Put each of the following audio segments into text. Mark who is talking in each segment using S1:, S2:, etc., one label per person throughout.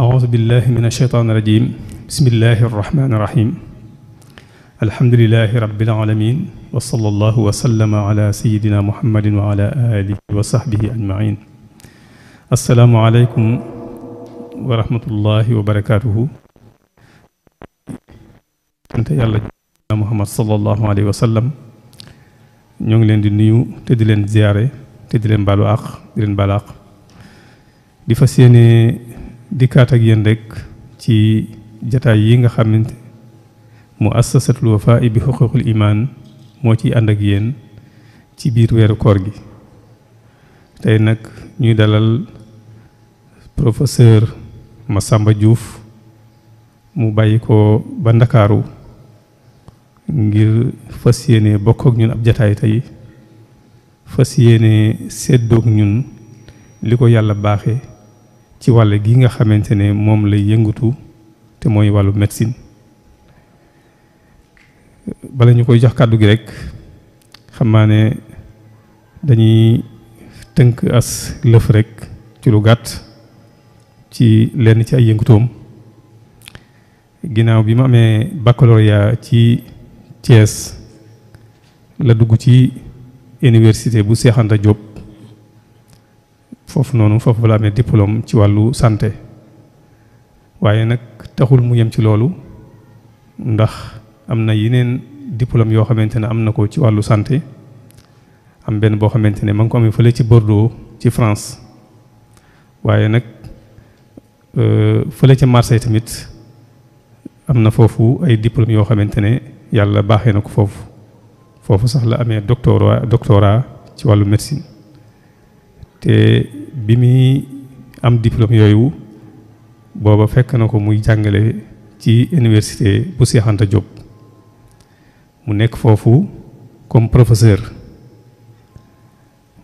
S1: أعوذ بالله من الشيطان الرجيم بسم الله الرحمن الرحيم الحمد لله رب العالمين وصلى الله وسلم على سيدنا محمد وعلى آله وصحبه أجمعين السلام عليكم ورحمة الله وبركاته أنت يا الله محمد صلى الله عليه وسلم ñoo لين دي نيو nuyu te di leen ziyaare te di leen baalu دي di di ak yéen rek ci jataay yi nga xamne muassasatul wafa'i bi xuququl iman mo ci and ak yeen ci biir weeru koor gi tay nak ñuy dalal professeur Massamba Diouf mu bayiko ko ba Dakaru ngir fas bokk ak ñun ab jotaay tay fas seddok ñun liko yalla baxé ci wàll gi nga xamante ne moom lay yëngatu te mooy wàllu médecine bala ñu koy jox kàddu gi rek xam naa ne dañuy tënk as lëf rek ci lu gàtt ci lenn ci ay yëngutoom ginnaaw bi mu amee baccalauréat ci Thiès la dugg ci université bu seexanta Anta foofu noonu foofu la amee diplôme ci wàllu santé waaye nag taxul mu yem ci loolu ndax am na yeneen diplôme yoo xamante ne am na ko ci wàllu santé am benn boo xamante ne ma ngi ko amee fële ci Bordeaux ci France waaye nag euh, fële ci Marseille tamit am na foofu ay diplôme yoo xamante ne yàlla baaxe na ko foofu foofu sax la amee doctorat doctorat ci wàllu médecine te bi muy am diplôme yooyu booba fekk na ko muy jàngale ci université bu Cheikh Anta mu nekk foofu comme professeur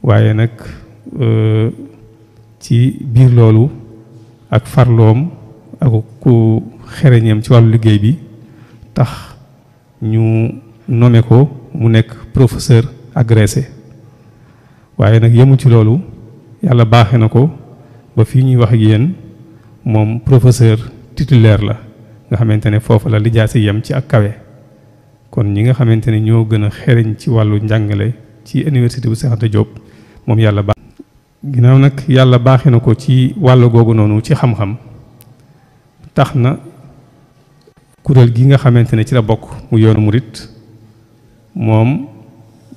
S1: waaye nag euh, ci biir loolu ak farloom ak ku xereñeem ci wàllu liggéey bi tax ñu nommé ko mu nekk professeur agressé waaye nag yemu ci loolu yàlla baaxe na ko ba fii ñuy wax yéen moom professeur titulaire la nga xamante ne foofu la lijaasi yem ci ak kawe kon ñi nga xamante ne ñoo gën a xeriñ ci wàllu njàngale ci université bu Cheikh Anta moom yàlla baax ginaaw nag yàlla baaxe na ko ci wàllu googu noonu ci xam-xam tax na kuréel gi nga xamante ne ci la bokk mu yoonu murit moom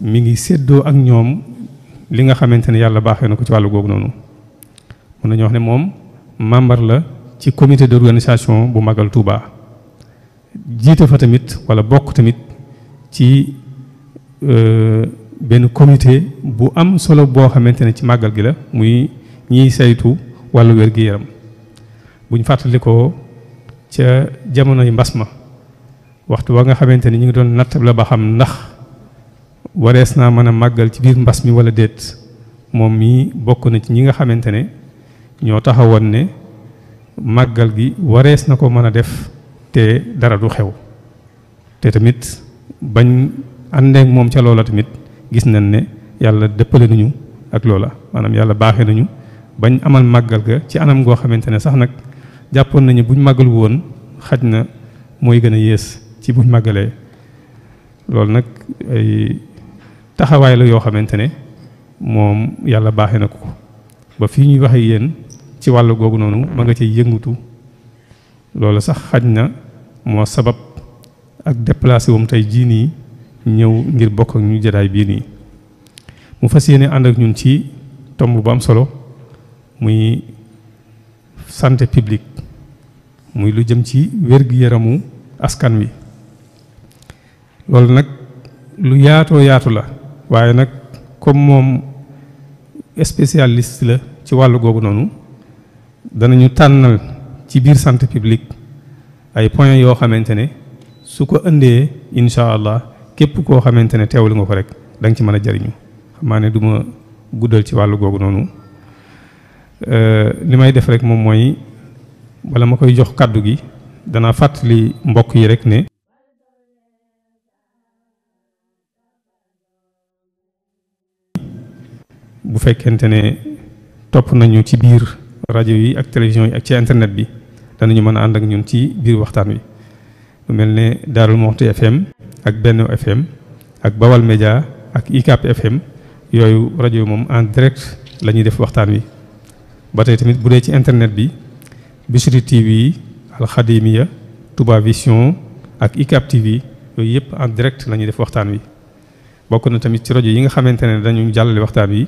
S1: mi ngi séddoo ak ñoom li nga xamante ne yàlla baaxee na ko ci wàllu googu noonu mën nañu wax ne moom membre la ci comité d'organisation bu Magal Touba jiite fa tamit wala bokk tamit ci euh, benn comité bu am solo boo xamante ne ci màggal gi la muy ñiy saytu wàllu wér-gi-yaram bu ñu ko ca mbas ma waxtu wa nga xamante ni ñu ngi doon natt la ba xam ndax warees naa mën a màggal ci biir mbas mi wala déet moom mii bokk na ci ñi nga xamante ne ñoo taxawoon ne màggal gi warees na ko mën a def te dara du xew te tamit bañ àndeek moom ca loola tamit gis nañ ne yàlla dëppale nañu ak loola maanaam yàlla baaxe nañu bañ amal màggal ga ci anam goo xamante ne sax nag jàppoon nañu buñ màggal woon xaj na mooy gën a yées ci buñ màggalee loolu nag taxawaay la yoo xamante ne moom yàlla baaxe na ko ba fii ñuy waxe yéen ci wàllu googu noonu ma nga cay yëngutu loolu sax xaj na moo sabab ak déplacé wum tey jii nii ngir bokk ak ñu jataay bii nii mu fas yéene ànd ak ñun ci tomb bu am solo muy santé publique muy lu jëm ci wér yaramu askan wi loolu nag lu yaatoo yaatu la waaye nag comme moom spécialiste la ci wàllu googu noonu danañu tànnal ci biir santé publique ay points yoo xamante ne su ko indee incha allah képp koo xamante ne teew teewlu nga ko rek da nga ci mën a jariñu xam ne du ma guddal ci wàll googu noonu euh, li may def rek moom mooy wala ma koy jox kàddu gi danaa fàttali mbokk yi rek ne bu fekkente ne topp nañu ci biir rajo yi ak télévision yi ak ci internet bi danañu mën a ànd ak ñun ci biir waxtaan wi lu mel ne daarul Mouhty FM ak benn FM ak Bawal Média ak ICAP FM yooyu rajo moom en direct la ñuy def waxtaan wi ba tey tamit bu dee ci internet bi Bichri TV Alxadimiya Touba Vision ak ICAP TV yooyu yëpp en direct la ñuy def waxtaan wi bokk na tamit ci rajo yi nga xamante ne dañu jàllale waxtaan wi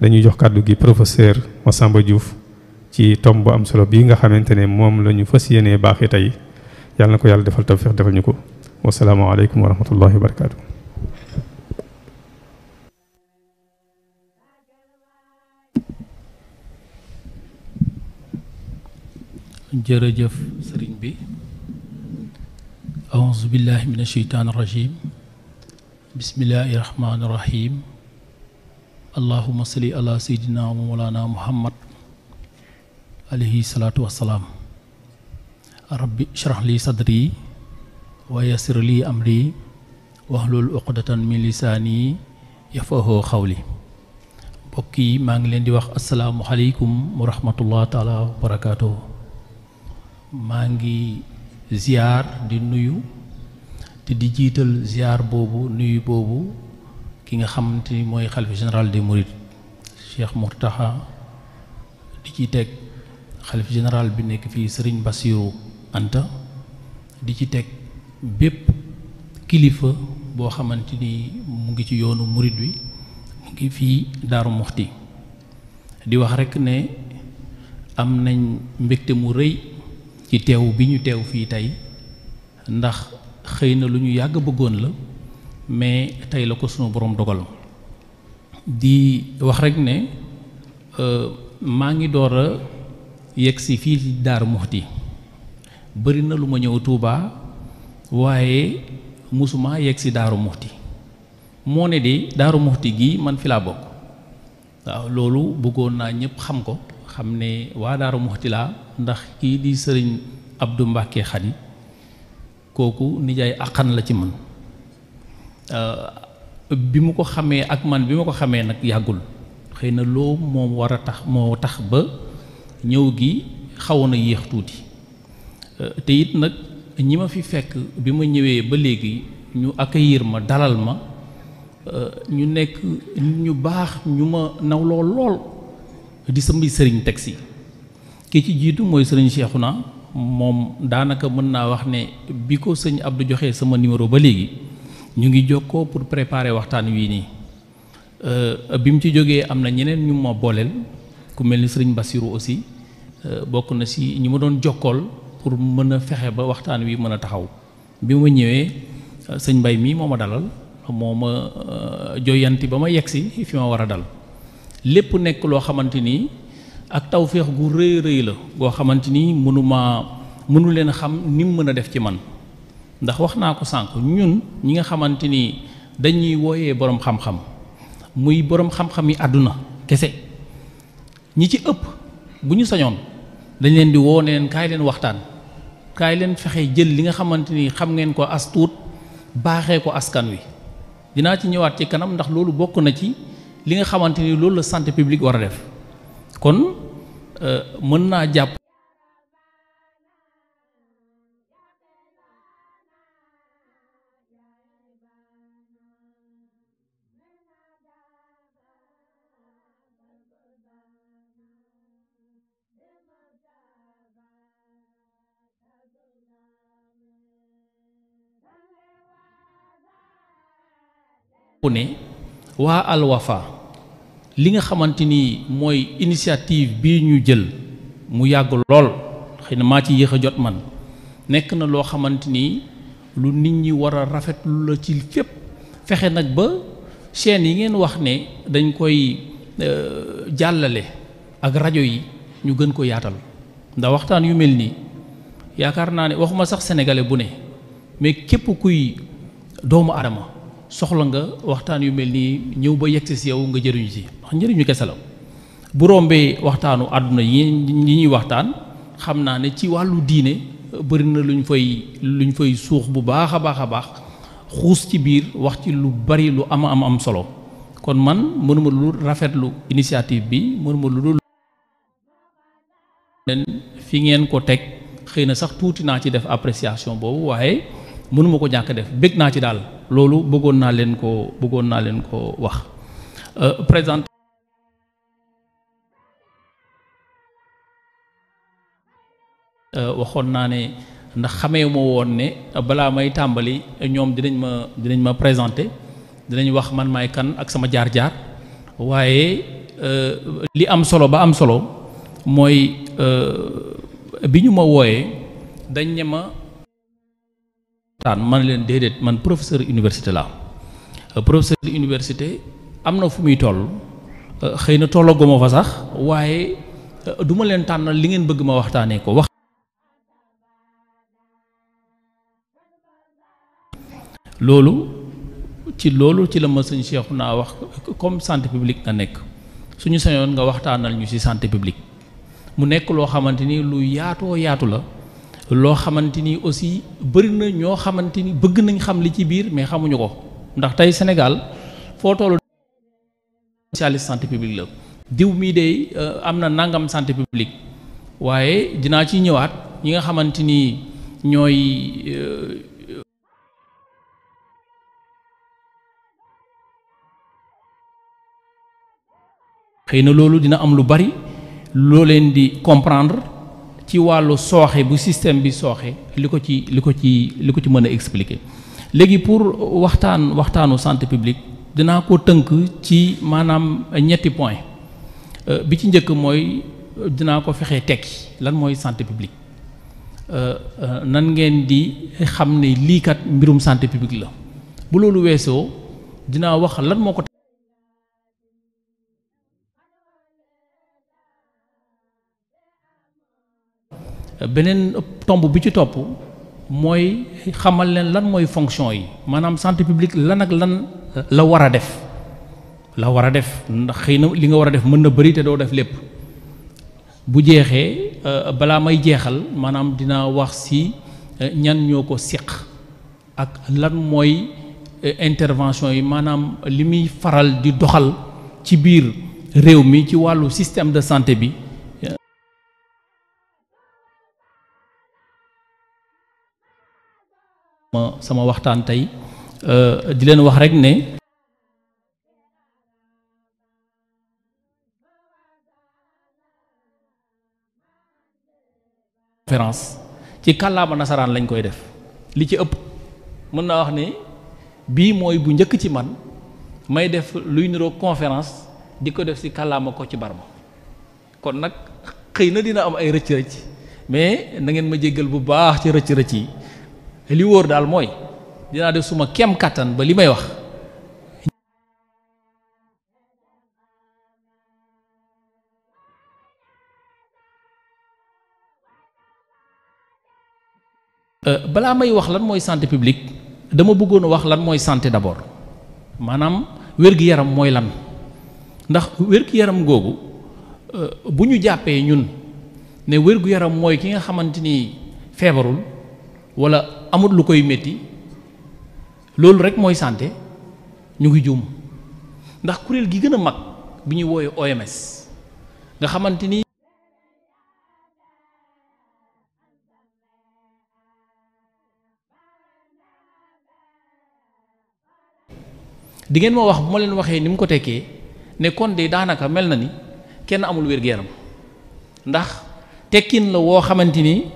S1: dañuy jox kàddu gi professeur Massamba Diouf ci tom bu am solo bi nga xamantene ne lañu fassiyene ñu tay yàlla nako yàlla defal tawfiq defal wa salaamu alaykum wa rahmatullahi wa barakatuh
S2: jërëjëf sëriñ bi aouzu billahi min asheytaan arrajim bismillahi rahmaani rahim allahuma salli ala seydina wa mawlana muhammad alayhi salaatu wassalaam rabbi shrah li sadri wa yassir li amri wahlul uqdatan min lisaani yafahu xawli mbokk yi maa ngi leen di wax asalaamualeykum wa rahmatullah taala wa barakaatuhu maa ngi ziar di nuyu te di jiital ziar boobu nuyu boobu ki nga xamante ni mooy xalifa général des Mourides Cheikh Mourtaha di ci teg xalif général bi nekk fii sëriñ basiyo Anta di ci teg bépp kilifa boo xamante ni mu ngi ci yoonu Mouride wi mu ngi fii Daaru Muxti di wax rekk ne am nañ mbégte mu rëy ci teew bi ñu teew fii tey ndax xëy na lu ñu yàgg bëggoon la mais tay la ko sunu borom dogal di wax rek ne euh, ma ngi door yeksi fi dar muhti bari na luma ñew touba waye musuma yeksi daru muhti mo ne de daru muhti gi man fi la bok waaw loolu bëggoon na ñep xam ko xam ne wa daru muhti la ndax ki di serigne abdou mbake khadi koku nijaay akan la ci man Euh, bi mu ko xamee ak man bi ma ko xamee nag yàggul xëy na loo moom war a tax moo tax ba ñëw gi xawoon na yéex tuuti euh, te it nag ñi ma fi fekk bi ma ñëwee ba léegi ñu accueillir ma dalal ma euh, ñu nekk ñu baax ñu ma nawloo lool di samay sëriñ teg si ki ci jiitu mooy sëriñ Cheikhouna moom daanaka mën naa wax ne bi ko sëñ Abdou joxee sama numéro ba léegi ñu ngi pur pour préparer waxtan wi ni euh mu ci joggé amna ñeneen ñu mo bolel ku melni serigne Bassirou aussi euh, bokk na ci ñu ma doon jokol pour mëna fexé ba waxtan wi mëna taxaw bi ma ñëwee euh, sëñ mbay mii dalal moma euh, joyanti bama ma fi ma wara dal lepp nek lo xamanteni ak tawfiq gu reey reey la goo xamanteni mënuma mënu xam nim mëna def ci man ndax wax naa ko sànq ñun ñi nga xamante ni dañuy wooyee boroom xam-xam muy boroom xam-xam yi àdduna kese ñi ci ëpp bu ñu sañoon dañ leen di woo leen kaay leen waxtaan kaay leen fexe jël li nga xamante ni xam ngeen ko as tuut baaxee ko askan wi dinaa ci ñëwaat ci kanam ndax loolu bokk na ci li nga xamante ni loolu la santé publique war a def kon euh, mën
S3: naa jàpp. ne waa Al
S2: li nga xamante ni mooy initiative bii ñu jël mu yàgg lool xëy na maa ci yéex a jot man nekk na loo xamante ni lu nit ñi war a rafetlu la ci fépp fexe nag ba chaîne yi ngeen wax ne dañ koy euh, jàllale ak rajo yi ñu gën ko yaatal ndax waxtaan yu mel nii yaakaar naa ne waxuma sax sénégalais bu ne mais képp kuy doomu adama soxla nga waxtaan yu mel nii ñëw ba yegsi si yow nga jëriñu si njëriñu kese la bu rombee waxtaanu àdduna yi ñi ñuy waxtaan xam naa ne ci wàllu diine bari na luñ fay luñ fay suux bu baax a baax a baax xuus ci biir wax ci lu bari lu ama am am solo kon man mënuma lu rafetlu initiative bi mënuma lu leen fi ngeen ko teg xëy na sax tuuti naa ci def appréciation boobu waaye mënuma ko ñàkk def bëgg naa ci daal loolu bëggoon naa leen ko bëggoon naa leen ko wax euh, présent euh, waxoon naa ne ndax xamee ma woon ne balaa may tàmbali ñoom dinañ ma dinañ ma présenté dinañ wax man may kan ak sama jaar-jaar waaye euh, li am solo ba am solo mooy bi ñu ma wooyee dañ ne Tan man leen déedéet man professeur université la euh, professeur université am na fu muy toll euh, xëy na lingin fa sax waaye euh, duma ma leen tànnal li ngeen bëgg ma waxtaanee ko wax loolu ci loolu ci la ma sëñ Cheikh naa wax comme santé publique nga nekk suñu sañoon nga waxtaanal ñu ci santé publique mu nekk loo xamante lu yaatoo yaatu la loo xamante ni aussi bëri na ñoo xamante ni bëgg nañ xam li ci biir mais xamuñu ko ndax tey Sénégal foo toll spécialiste diw mii dey euh, am na nangam santé publique waaye dinaa ci ñëwaat ñi nga xamante ni ñooy euh, xëy na loolu dina am lu bari loo leen di comprendre ci wàllu sooxe bu système bi sooxee li ko ci li ko ci li ko ci mën a léegi pour waxtaan waxtaanu santé publique dinaa ko tënk ci maanaam ñetti point euh, bi ci njëkk mooy dinaa ko fexee tekki lan mooy santé publique euh, euh, nan ngeen di xam ne liikat mbirum santé publique la bu loolu weesoo dinaa wax lan moo ko beneen tomb bi ci topp mooy xamal leen lan mooy fonction yi maanaam santé publique lan ak lan la war a def la war a def ndax xëy na li nga war a def mën na bëri te doo def lépp bu jeexee euh, balaa may jeexal maanaam dinaa wax si euh, ñan ñoo ko siq ak lan mooy euh, intervention yi maanaam li muy faral di doxal ci biir réew mi ci wàllu système de santé bi ma sama tay euh di len wax rek ne conférence ci kalaama nasaran lañ koy def li ci ëpp mën na wax ne bi moy bu ñëk ci man may def luy niro conférence di def si kalama ko ci barma kon nak xeyna na dina am ay recc recc mais na ngeen ma jéggel bu baax ci recc recc li wóor daal mooy dinaa def suma kem kàttan ba li may wax euh, balaa may wax lan mooy santé publique dama bëggoon a wax lan mooy santé d'abord maanaam wér-gi-yaram mooy lan ndax wér-gi-yaram googu euh, bu ñu jàppee ñun ne wér-gu-yaram mooy ki nga xamante ni feebarul wala amul lu koy metti loolu rek mooy santé ñu ngi juum ndax kuréel gi gën a mag bi ñuy wooyee OMS nga xamante ni. dingeen ngeen ma wax bu ma leen waxee ni mu ko tekkee ne kon de daanaka mel na ni kenn amul wér-gu-yaram ndax tekkin la woo xamante ni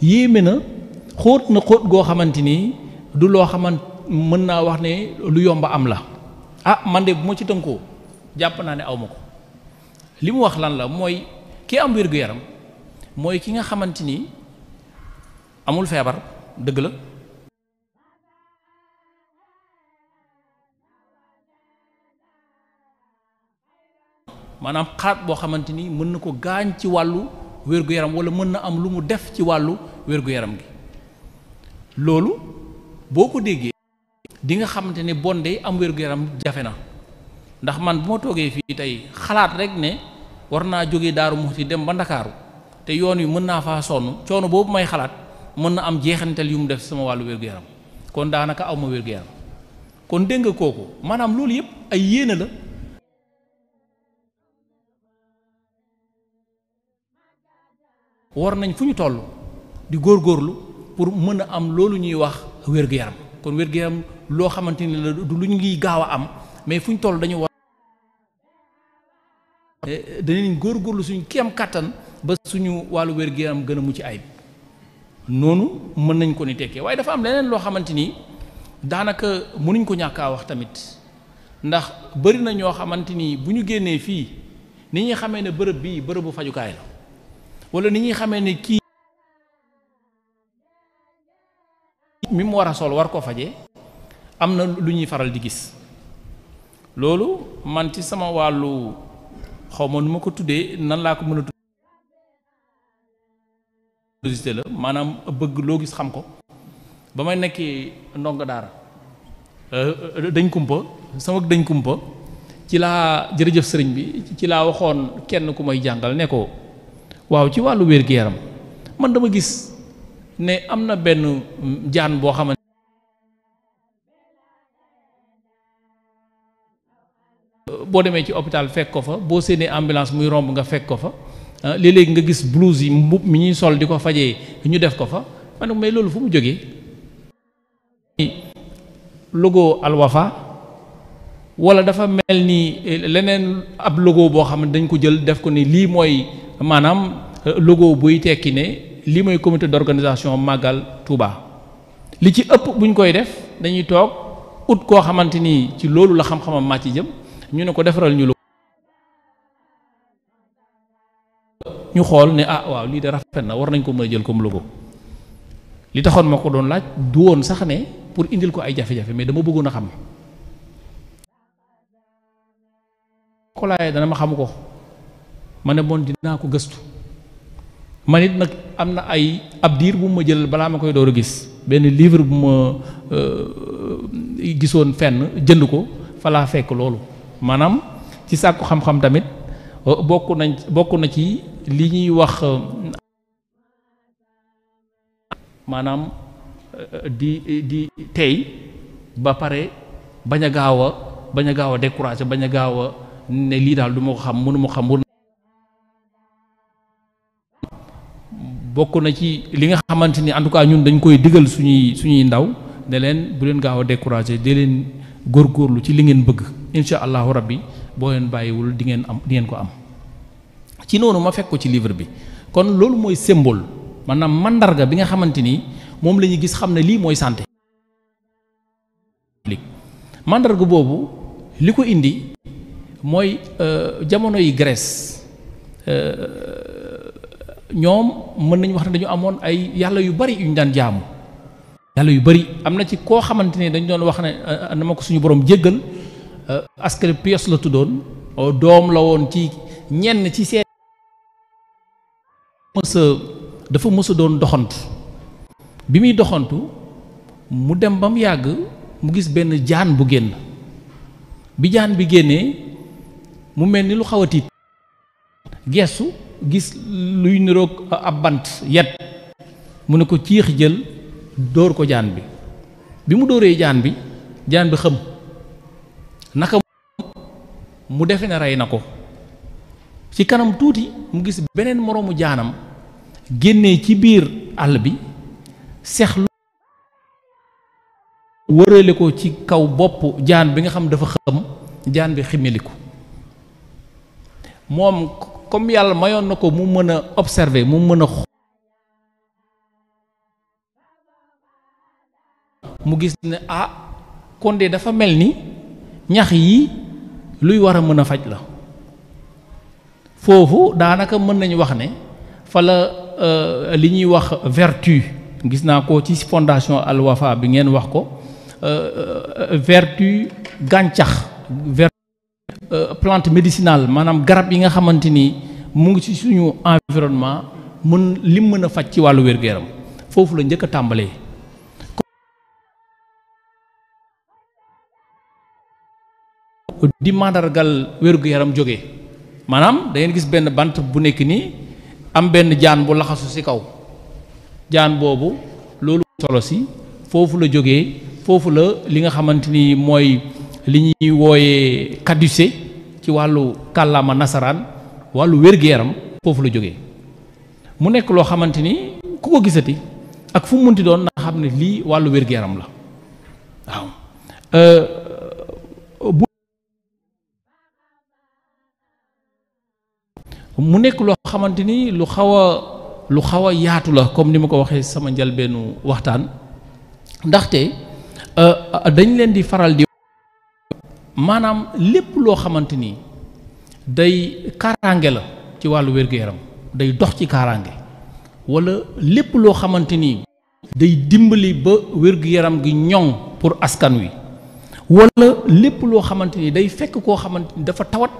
S2: yéeme na. xóot na xóot goo xamante ni du loo xaman mën naa wax ne lu yomba am la ah man de bu ma ci tënkoo jàpp naa ne aw ma ko li mu wax lan la mooy ki am wér yaram mooy ki nga xamante amul febar, dëgg la maanaam xaat boo xamante ni mën na ko gaañ ci wàllu wér yaram wala mën na am lu mu def ci wàllu wér yaram gi loolu boo ko déggee di nga xamante ne bon de am wér-gu-yaram jafe na ndax man bu ma toogee fii tey xalaat rek ne war naa jógee Daaru Muxti dem ba Ndakaaru te yoon wi mën naa fa sonn coono boobu may xalaat mën na am jeexantal yu mu def sama wàllu wér-gu-yaram kon daanaka aw ma wér-gu-yaram kon dégg nga kooku maanaam loolu yëpp ay yéene la war nañ fu ñu toll di góor góorlu pour mëna am loolu ñuy wax wér gu yaram kon wér gu yaram lo xamanteni la du luñ ngi gawa am mais fuñ toll dañu war gor lu suñu kiam katan ba suñu walu wér gu yaram gëna mu ci ayib nonu mën nañ ko ni tekkee waaye dafa am leneen lo xamanteni ni mënuñ ko ñaka wax tamit ndax bari na ño xamanteni ni génné fi ni ñi xamé né bërepp ne bërepp bu bërëbu fajukaay la wala ni ñi xamé ne ki mi mu wara sol war ko faje amna luñuy faral di gis loolu man ci sama walu xomon mako tuddé nan la ko mëna tuddé tuddee la manam bëgg lo gis xam ko bamay nekké nekkee ndongo euh, euh dañ kumpa sama dañ kumpa ci la jërëjëf sëriñ bi ci la waxon kenn ku may jangal ne ko waw ci walu wër gi yaram man dama gis ne am na benn jaan boo xamante boo demee ci hôpital fekk ko fa boo séenee ambulance muy romb nga fekk ko fa ah, léeg nga gis blouse yi mbub mi ñuy sol di ko fajee ñu def ko fa ma ne loolu fu mu jógee logo alwafa wala dafa mel ni eh, leneen ab logo boo xam ne dañ ko jël def ko ni lii mooy maanaam eh, logo buy tekki ne lii mooy comité d'organisation màggal Touba li ci ëpp buñ koy def dañuy toog ut koo xamante ni ci loolu la xam-xamam màcc jëm ñu ne ko defaral ñu ñu xool ne ah waaw lii de rafet na war nañ ko mën a jël comme logo li taxoon ma ko doon laaj du woon sax ne pour indil ko ay jafe-jafe mais dama bëggoon a xam ko laay dana ma xamu ko ma ne bon dinaa ko gëstu man it nag am na ay ab diir bu ma jël balaa ma koy door a gis benn livre bu ma euh, gisoon fenn jënd ko falaa fekk loolu maanaam ci sàkku xam-xam tamit euh, bokk nañ bokk na ci li ñuy wax maanaam euh, di di tey ba pare bañ a gaaw a bañ gaaw a découragé bañ gaaw ne lii daal du ma ko xam mënu ma xam bokk na ci li nga xamante ni en tout cas ñun dañu koy digal suñuy suñuy ndaw ne leen bu leen gaaw a découragé di leen góor góorlu ci li ngeen bëgg incha allahu rabbi boo leen bàyyiwul di ngeen am di ngeen ko am ci noonu ma fekk ko ci livre bi kon loolu mooy symbole maanaam mandarga bi nga xamante ni moom la ñuy gis xam ne lii mooy santé mandarga ko indi euh, jamono yi Grèce euh, ñoom mën nañu wax ne dañu amoon ay yàlla yu bari yu ñu daan jaamu yàlla yu bari am na ci koo xamante ne dañu doon wax ne ah, na ma ko suñu borom jéggal euh, askan pios la tuddoon oh, doom la woon ci ñenn ci seen mësa dafa mësa doon doxantu bi muy doxantu mu dem ba mu yàgg mu gis benn jaan bu génn bi jaan bi génnee mu mel ni lu xaw a tiit geesu gis luy niroog ab bant yet mu ne ko ciix jël dóor ko jaan bi bi mu dóoree jaan bi jaan bi xëm naka mu defe ne rey na ko ci kanam tuuti mu gis beneen moroomu jaanam génnee ci biir àll bi seexlu wërale ko ci kaw bopp jaan bi nga xam dafa xëm jaan bi ximiliku moom comme yàlla mayoon na ko mu mën a observer mu mën a mu gis ne ah kon de dafa mel ni ñax yi luy war a mën a faj la foofu daanaka mën nañu wax ne fa la euh, li ñuy wax vertu gis naa ko ci fondation Al Wafa bi ngeen wax ko euh, euh, vertu gàncax vertu Euh, plante médicinale maanaam garab yi nga xamante ni mu ngi ci suñu environnement mën lim mën a faj ci wàllu wér yaram foofu la njëkk a tàmbalee. di mandargal wér yaram jóge maanaam da ngeen gis benn bant bu nekk nii am benn jaan bu laxasu ci kaw jaan boobu loolu solo si foofu la jóge foofu la li nga xamante ni mooy. li ñuy woyé caducé ci walu kàllaama nasaran walu wér-gu-yaram foofu la joggé mu nekk lo xamanteni ku ko gisati ak fu munti doon na xamné li walu wàllu yaram la waaw euh mu nekk lo xamanteni lu xawa lu xawa yaatu la comme nima ko waxee sama njëlbeenu waxtaan ndaxte dañ leen di faral di maanaam lépp loo xamante ni day kaaraange la ci wàllu wér-gu-yaram day dox ci kaaraange wala lépp loo xamante ni day dimbali ba wér-gu-yaram gi ñoŋ pour askan wi wala lépp loo xamante ni day fekk koo xamante ni dafa tawat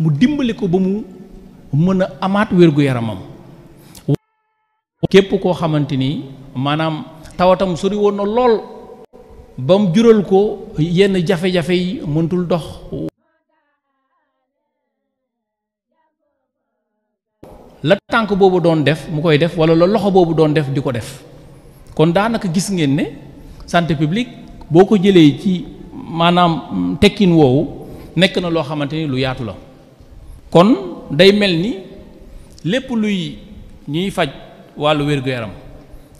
S2: mu dimbali ko ba mu mën a amaat wér-gu-yaramam képp koo xamante ni maanaam tawatam sori woon lool ba jural ko yenn jafe-jafe yi mëntul dox la tànk boobu doon def mu koy def wala la loxo boobu doon def di ko def kon daanaka gis ngeen ne santé publique boo ko jëlee ci maanaam tekkin woowu nekk na loo xamante ni lu yaatu la kon day mel ni lépp luy ñiy faj wàllu wér-gu-yaram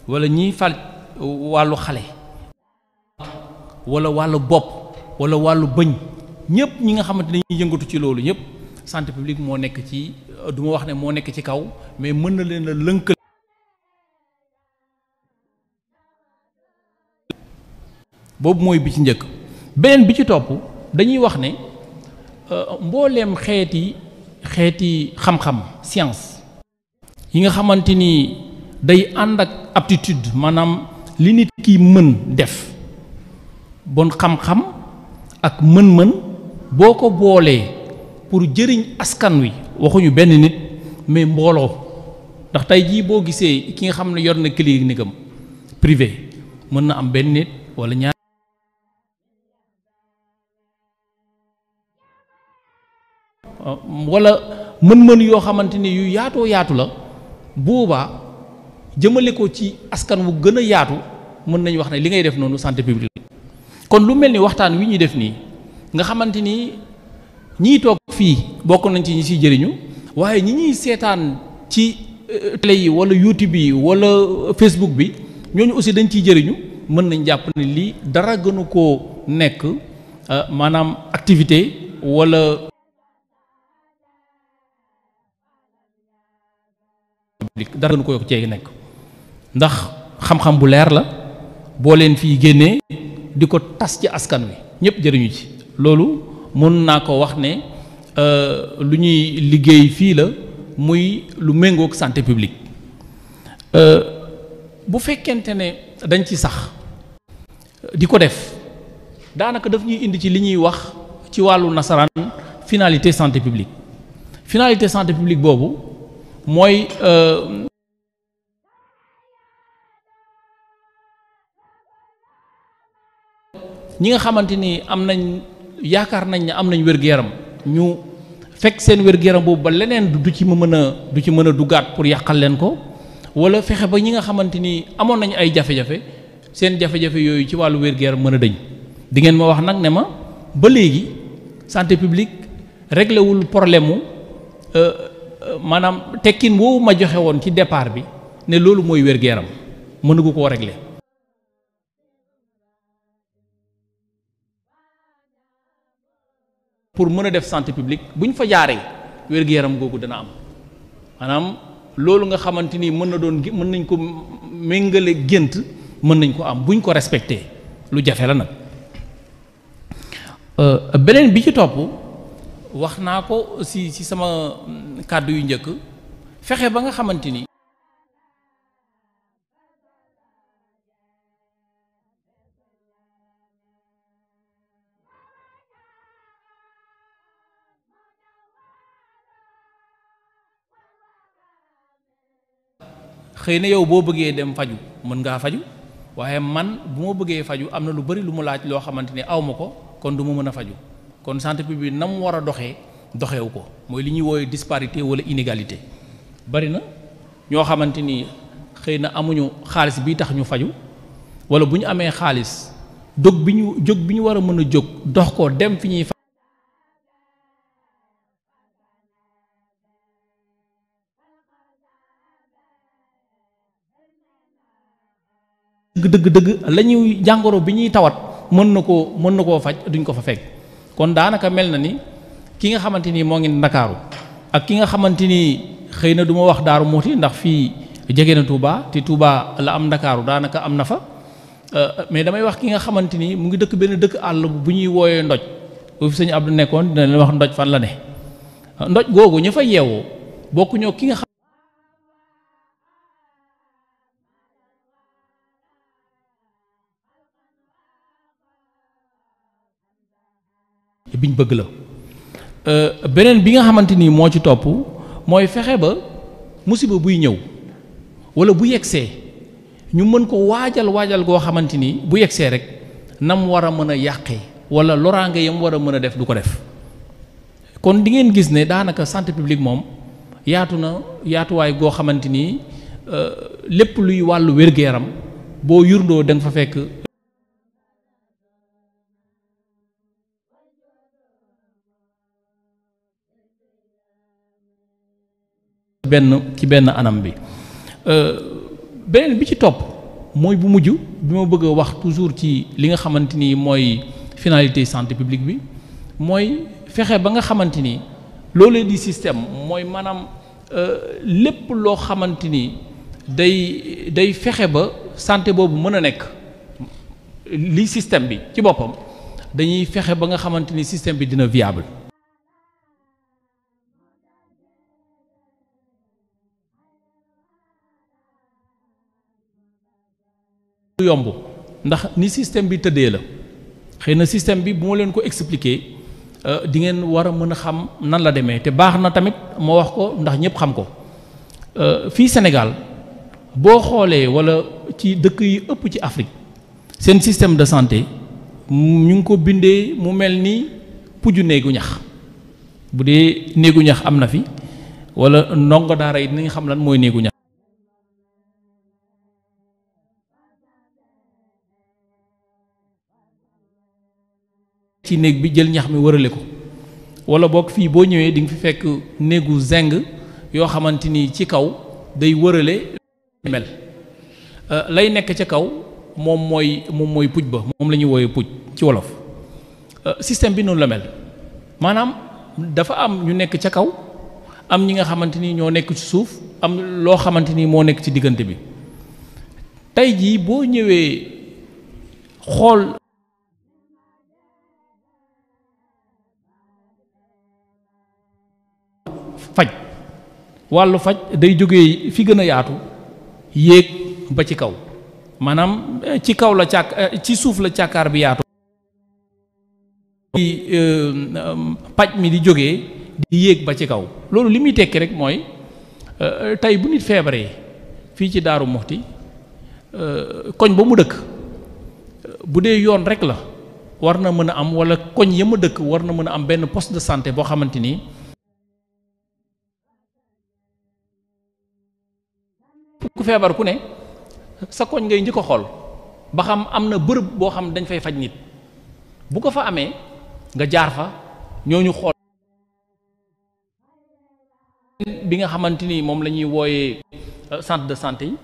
S2: wala ñiy faj wàllu xale wala wàllu bopp wala wàllu bëñ ñëpp ñi nga xamante ne yëngatu ci loolu ñëpp santé publique moo nekk ci du wax ne moo nekk ci kaw mais mën na leen a lënkal boobu mooy bi ci njëkk beneen bi ci topp dañuy wax ne euh, mbooleem xeeti xeeti xam-xam science yi nga xamante ni day ànd ak aptitude maanaam li nit ki mën def bon xam-xam ak mën-mën boo ko boolee pour jëriñ askan wi waxuñu benn nit mais mbooloo ndax tey jii boo gisee ki nga xam ne yor na clinique am privé mën na am benn nit wala ñaar mën-mën yoo xamante ni yu yaatoo yaatu la boobaa jëmale ko ci askan wu gën a yaatu mën nañu wax ne li ngay def noonu santé publique kon lu mel ni waxtaan wi ñuy def nii nga xamante ni ñii toog fii bokk nañ ci ñi siy jëriñu waaye ñi ñuy seetaan ci euh, télé yi wala YouTube yi wala Facebook bi ñooñu aussi dañ ciy jëriñu mën nañ jàpp ne lii dara gënu koo nekk euh, maanaam activité wala. dara gënu ko yokk ceegi nekk ndax xam-xam bu leer la boo leen fii génnee. di ko tas ci askan wi ñëpp jëriñu ci loolu mën naa ko wax ne euh, lu ñuy liggéey fii la muy lu méngook santé publique euh, bu fekkente ne dañ ci sax di ko def daanaka daf ñuy indi ci li ñuy wax ci wàllu nasaraan finalité santé publique finalité santé publique boobu mooy euh, ñi nga xamante ni am nañ yaakaar nañ ne am nañ wér-gu-yaram ñu fekk seen wér yaram boobu ba leneen du ci mën a du ci mën a dugaat pour yàqal leen ko wala fexe ba ñi nga xamante ni amoon nañ ay jafe-jafe seen jafe-jafe yooyu ci wàllu wér yaram mën a dëñ di ngeen ma wax nag ne ma ba léegi santé publique réglé wul problème mu euh, euh, maanaam tekkin woowu ma joxe woon ci départ bi ne loolu mooy wér-gu-yaram mënugu koo réglé pour mëna def santé publique buñ fa jaaré wër gu yaram gogu dana am manam lolu nga xamanteni mëna doon mën nañ ko mengalé gënt mën nañ ko am buñ ko respecté lu jafé la euh benen bi ci top waxnako ci si si sama mm, kàddu yu ñëk fexé ba nga xamanteni xëy na yow boo bëggee dem faju mën ngaa faju waaye man bu ma bëggee faju am na lu bari lu mu laaj loo xamante ni awma ko kon du ma mën a faju kon santé publique na mu war a doxee doxewu ko mooy li ñuy woowe disparité wala inégalité bari na ñoo xamante ni xëy na amuñu xaalis bi tax ñu faju wala bu ñu amee xaalis dog bi ñu jóg bi ñu war a mën a jóg dox ko dem fi ñuy dëgg dëgg la ñuy jàngoro bi ñuy tawat mën na koo mën na koo faj duñ ko fa fekk kon daanaka mel na ni ki nga xamante ni moo ngi ndakaaru ak ki nga xamante ni xëy na duma wax daaru muuti ndax fii jege na Touba te tuubaa la am ndakaaru daanaka am na fa euh, mais damay wax ki nga xamante ni mu ngi dëkk benn dëkk àll bu ñuy wooyee ndoj bu fi sëñ Abdou nekkoon dina leen wax ndoj fan la ne ndoj googu ña fa yeewoo bokkuñoo ki nga
S4: biñ bëgg la
S3: euh,
S2: beneen bi nga xamante ni moo ci topp mooy fexe ba musiba buy ñëw wala bu yegsee ñu mën ko waajal waajal goo xamante ni bu yegsee rek nam war a mën a yàqee wala loraange yam war a mën a def du ko def kon di ngeen gis ne daanaka santé publique moom yaatu na yaatuwaay goo xamante ni euh, lépp luy wàllu wér-gu-yaram boo yurndoo da fa fekk. benn ci benn anam bi euh, beneen bi ci topp mooy bu mujj bi ma bëgg a wax toujours ci li nga xamante ni mooy finalité santé publique bi mooy fexe ba nga xamante ni looleen di système mooy maanaam euh, lépp loo xamante ni day day fexe ba santé boobu mën a nekk li système bi ci boppam dañuy fexe ba nga xamante ni système bi dina viable yomb ndax ni système bi tëddee la xëy na système bi bu ma leen ko expliquer euh, di ngeen war a mën a xam nan la demee te baax na tamit moo wax ko ndax ñëpp xam ko euh, fii Sénégal boo xoolee wala ci dëkk yi ëpp ci Afrique seen système de santé ñu ngi ko bindee mu mel ni puju néegu ñax bu dee néegu ñax am na fi wala ndongo daara yi dinañ xam lan mooy néegu ñax ci néeg bi jël ñax mi wërale ko wala boog fii boo ñëwee di nga fi fekk néegu zeng yoo xamante ni ci kaw day wërale mel euh, lay nekk ca kaw moom mooy moom mooy puj ba moom la ñuy wooyee puj ci wolof euh, système bi noonu la mel maanaam dafa am ñu nekk ca kaw am ñi nga xamante ni ñoo nekk ci suuf am loo xamante ni moo nekk ci diggante bi tey jii boo ñëwee xool faj wàllu faj day jóge fi gën a yaatu yéeg ba ci kaw maanaam eh, ci kaw la càkk eh, ci suuf la càkkaar bi yaatu eh, paj mi di jógee yéeg ba ci kaw loolu li muy tekki rek mooy tey bu nit feebaree fii ci Daaru Muxti koñ ba mu dëkk bu dee yoon rek la war na mën a am wala koñ ya dëkk war na mën a am benn poste de santé boo xamante ni ku feebar ku ne sa koñ ngay njëkk a xool ba xam am na bërëb boo xam dañ fay faj nit bu ko fa amee nga jaar fa ñooñu xool bi nga xamante nii moom la ñuy wooyee euh, centre de santé yi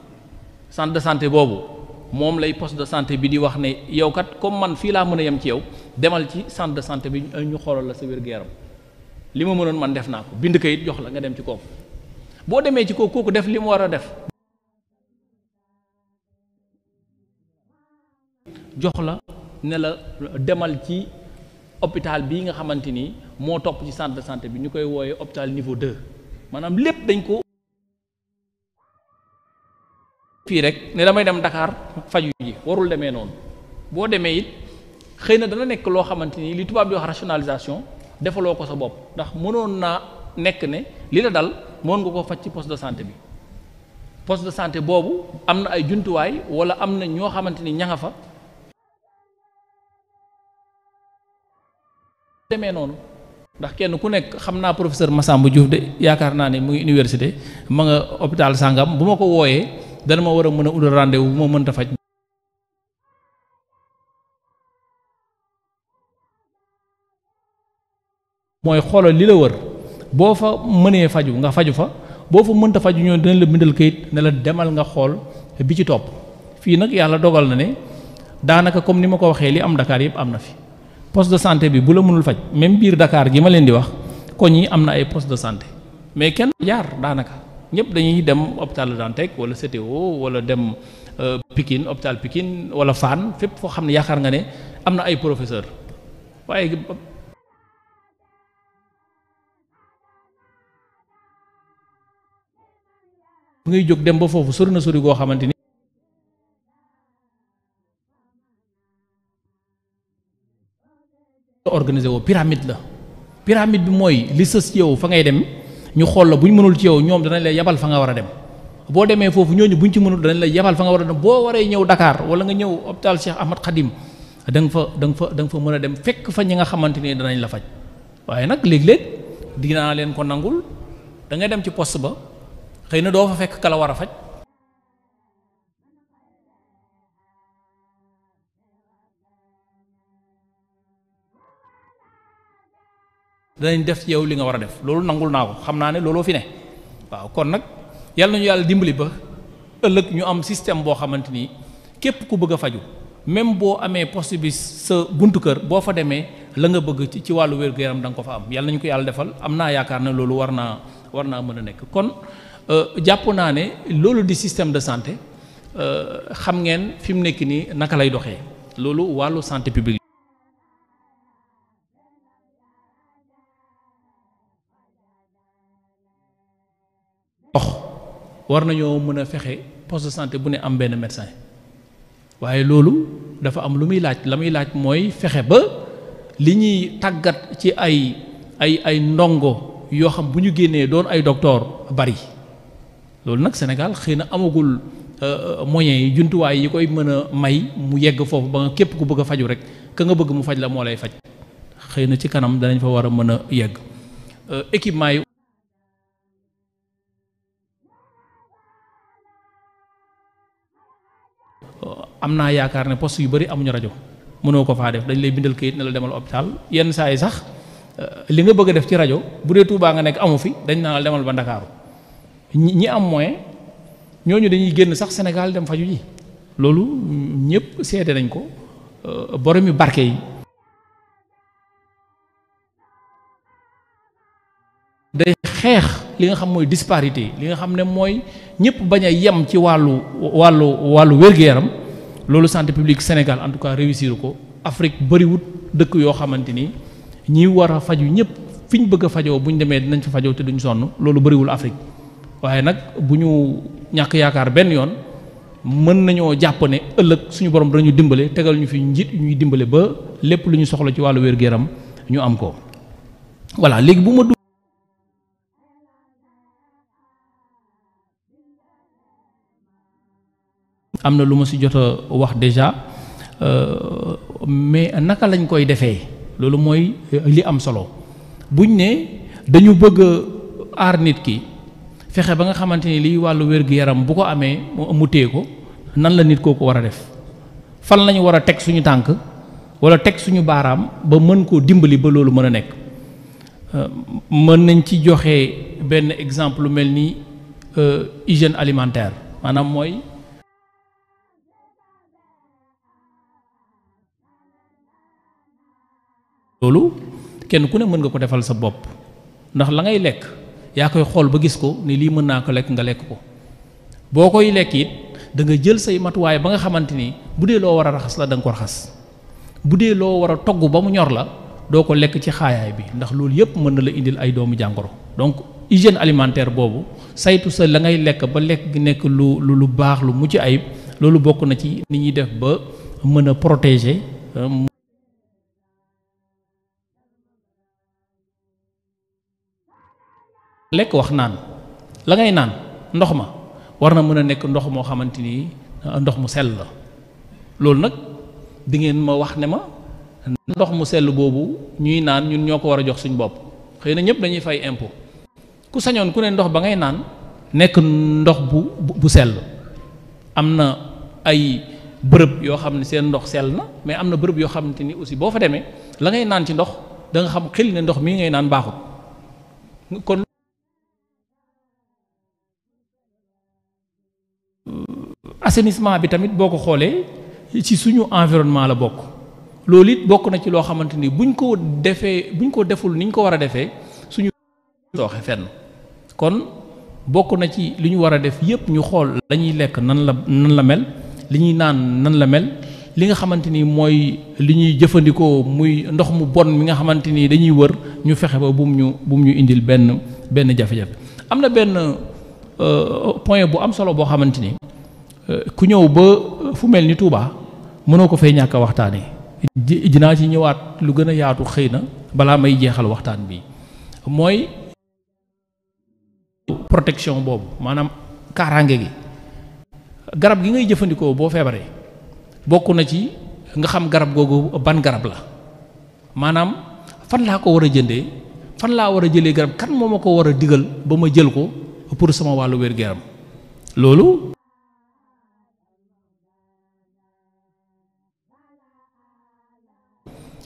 S2: centre de santé boobu moom lay poste de santé bi di wax ne yow kat comme man fii laa mën a yem ci yow demal ci centre de santé bi ñu xoolal la sa wér gu li ma mënoon man def naa ko bind kayit jox la nga dem ci kooku boo demee ci kooku kooku def li mu war a def jox la ne la demal ci hôpital bii nga xamante ni moo topp ci centre de santé bi ñu koy wooyee hôpital niveau de maanaam lépp dañ ko fii rek ne damay dem ndakaar faju ji warul demee noonu boo demee it xëy na dana nekk loo xamante ni li tubaab di wax rationalisation defaloo ko sa bopp ndax mënoon naa nekk ne li la dal mën nga koo faj ci poste de santé bi poste de santé boobu am na ay jumtuwaay wala am na ñoo xamante ni ña fa demee non ndax kenn ku nek xamna professeur Massamba Diouf de yaakaar naa mu ngi université ma nga hôpital sangam buma ko woyé dana ma wara a oudou a rendez-vous mo mën ta faj moy xolal li la wër bo fa mënee faju nga faju fa bo fa ta faju ñoo dañ la bindal kayit ne la demal nga xol bi ci top. Fi nak yalla dogal na né danaka comme ni ko li am Dakar am fi poste de santé bi bu la mënul faj même bir Dakar gi ma len di wax ko ñi amna ay poste de santé mais kenn yar danaka ñep dañuy dem hôpital dante wala CTO wala dem euh, pikin hôpital pikin wala fan fep fo xam yaakar nga ne amna na ay professeur waye ngay jog dem ba fofu sori na sori go xamanteni organisé woo pyramide la pyramide bi mooy li sës ci yow fa ngay dem ñu xool la bu ñu mënul ci yow ñoom danañ la yebal fa nga war a dem boo demee foofu ñoo ñooñu bu ñu ci mënul danañ la yebal fa nga war a dem boo waree ñëw dakaar wala nga ñëw hôpital Cheikh Ahmad Khadim da nga fa da fa da nga mën a dem fekk fa ñi nga xamante ni danañ la faj waaye nag léeg-léeg dinaa leen ko nangul da dem ci post ba xëy na doo fa fekk kala war a faj danañ def ci yow li nga war a def loolu nangul naa ko xam naa ne looloo fi ne waaw kon nag yàlla nañu yàlla dimbali ba ëllëg ñu am système boo xamante ni képp ku bëgg a faju même boo amee poste sa buntu kër boo fa demee la nga bëgg ci wàllu wér-gu-yaram da ko fa am yàlla nañu ko yàlla defal am naa yaakaar ne loolu war naa war naa mën a nekk kon euh, jàpp naa ne loolu di système de santé euh, xam ngeen fi mu nekk nii naka lay doxee loolu wàllu santé publique tox war nañoo mën a fexe poste de santé bu ne am benn médecin waaye loolu dafa am lu muy laaj la muy laaj mooy fexe ba li ñuy tàggat ci ay ay ay ndongo yoo xam bu ñu génnee doon ay docteur bari loolu nag Sénégal xëy na amagul euh, euh, moyens yi jumtuwaay yi koy mën a may mu yegg foofu ba nga képp ku bëgg a faju rek ka nga bëgg mu faj la moo lay faj xëy na ci kanam danañ fa war a mën a yegg euh, équipement yi am naa yaakaar ne post yu bari amuñu rajo mënoo ko faa def dañ lay bindal kayit ne la demal hôpital yenn saa yi sax euh, li nga bëgg a def ci rajo bu dee Touba nga nekk amu fi dañ naa la demal ba Ndakaaru ñi am moyen ñooñu dañuy génn sax Sénégal dem faju ji loolu ñëpp seede nañ ko euh, borom yu barke yi. day xeex li nga xam mooy disparité li nga xam ne mooy ñëpp bañ a yem ci wàllu wàllu wàllu wér-gu-yaram loolu santé publique Sénégal en tout cas réussir ko Afrique bëriwut dëkk yoo xamante ni ñi war a faju ñëpp fi ñu bëgg a fajoo bu ñu demee dinañ fa fajoo te duñ sonn loolu bariwul Afrique waaye nag bu ñu ñàkk yaakaar benn yoon mën nañoo jàpp ne ëllëg suñu borom dañu dimbale tegal ñu fi njiit ñuy dimbale ba lépp lu ñu soxla ci wàllu wér gu ñu am ko voilà léegi bu ma am na lu ma si jot a wax déjà euh, mais naka lañ koy defee loolu mooy euh, li am solo buñ ne dañu bëgg aar nit ki fexe ba nga xamante ni liy wàllu wér-gu-yaram bu ko amee mu téye ko nan la nit kooku war a def fan lañu war a teg suñu tànk wala teg suñu baaraam ba mën koo dimbali ba loolu mën a nekk euh, mën nañ ci joxe benn exemple lu mel ni hygiène alimentaire maanaam mooy loolu kenn ku ne mën nga ko defal sa bopp ndax la ngay lekk yaa koy xool ba gis ko ni lii mën naa ko lekk nga lekk ko boo koy lekk it da nga jël say matuwaay ba nga xamante ni bu dee loo war a raxas la danga ko raxas bu dee loo war a togg ba mu ñor la doo ko lekk ci xaayaay bi ndax loolu yépp mën na la indil ay doomu jàngoro donc hygiène alimentaire boobu saytu sa la ngay lekk ba lekk nekk lu lu lu baax lu mucc ayib loolu bokk na ci ni ñuy def ba mën a protéger. Euh, lekk wax naan la ngay naan ndox ma war na mën a nekk ndox moo xamante ni euh, ndox mu sell la loolu nag di ngeen ma wax ne ma ndox mu sell boobu ñuy naan ñun ñoo ko war a jox suñ bopp xëy na ñëpp dañuy fay impo ku sañoon ku ne ndox ba ngay naan nekk ndox bu bu sell am na ay bërëb yoo xam ne seen ndox sell na mais am na bërëb yoo xamante ni aussi boo fa demee la ngay naan ci ndox danga xam xel ne ndox mii ngay naan baaxut kon assainissement bi tamit boo ko xoolee ci suñu environnement la bokk loolu it bokk na ci loo xamante ni buñ ko defee buñ ko deful ni ko war a defee suñu sooxe fenn kon bokk na ci li ñu war a def yépp ñu xool la lekk nan la nan la mel li ñuy naan nan la mel li nga xamante ni mooy li ñuy jëfandikoo muy ndox mu bon mi nga xamante ni dañuy wër ñu fexe ba bum ñu bum ñu indil benn benn jafe-jafe am na benn euh, point bu am solo boo xamante ni ku ñëw ba fu mel ni Touba mënoo ko fay ñàkk a waxtaanee dinaa ci ñëwaat lu gën a yaatu xëy na balaa may jeexal waxtaan bi mooy protection boobu maanaam kaaraange gi garab gi ngay jëfandikoo boo feebaree bokk na ci nga xam garab googu ban garab la maanaam fan laa ko war a jëndee fan laa war a garab kan moo ma ko war a digal ba ma jël ko pour sama wàllu wér gu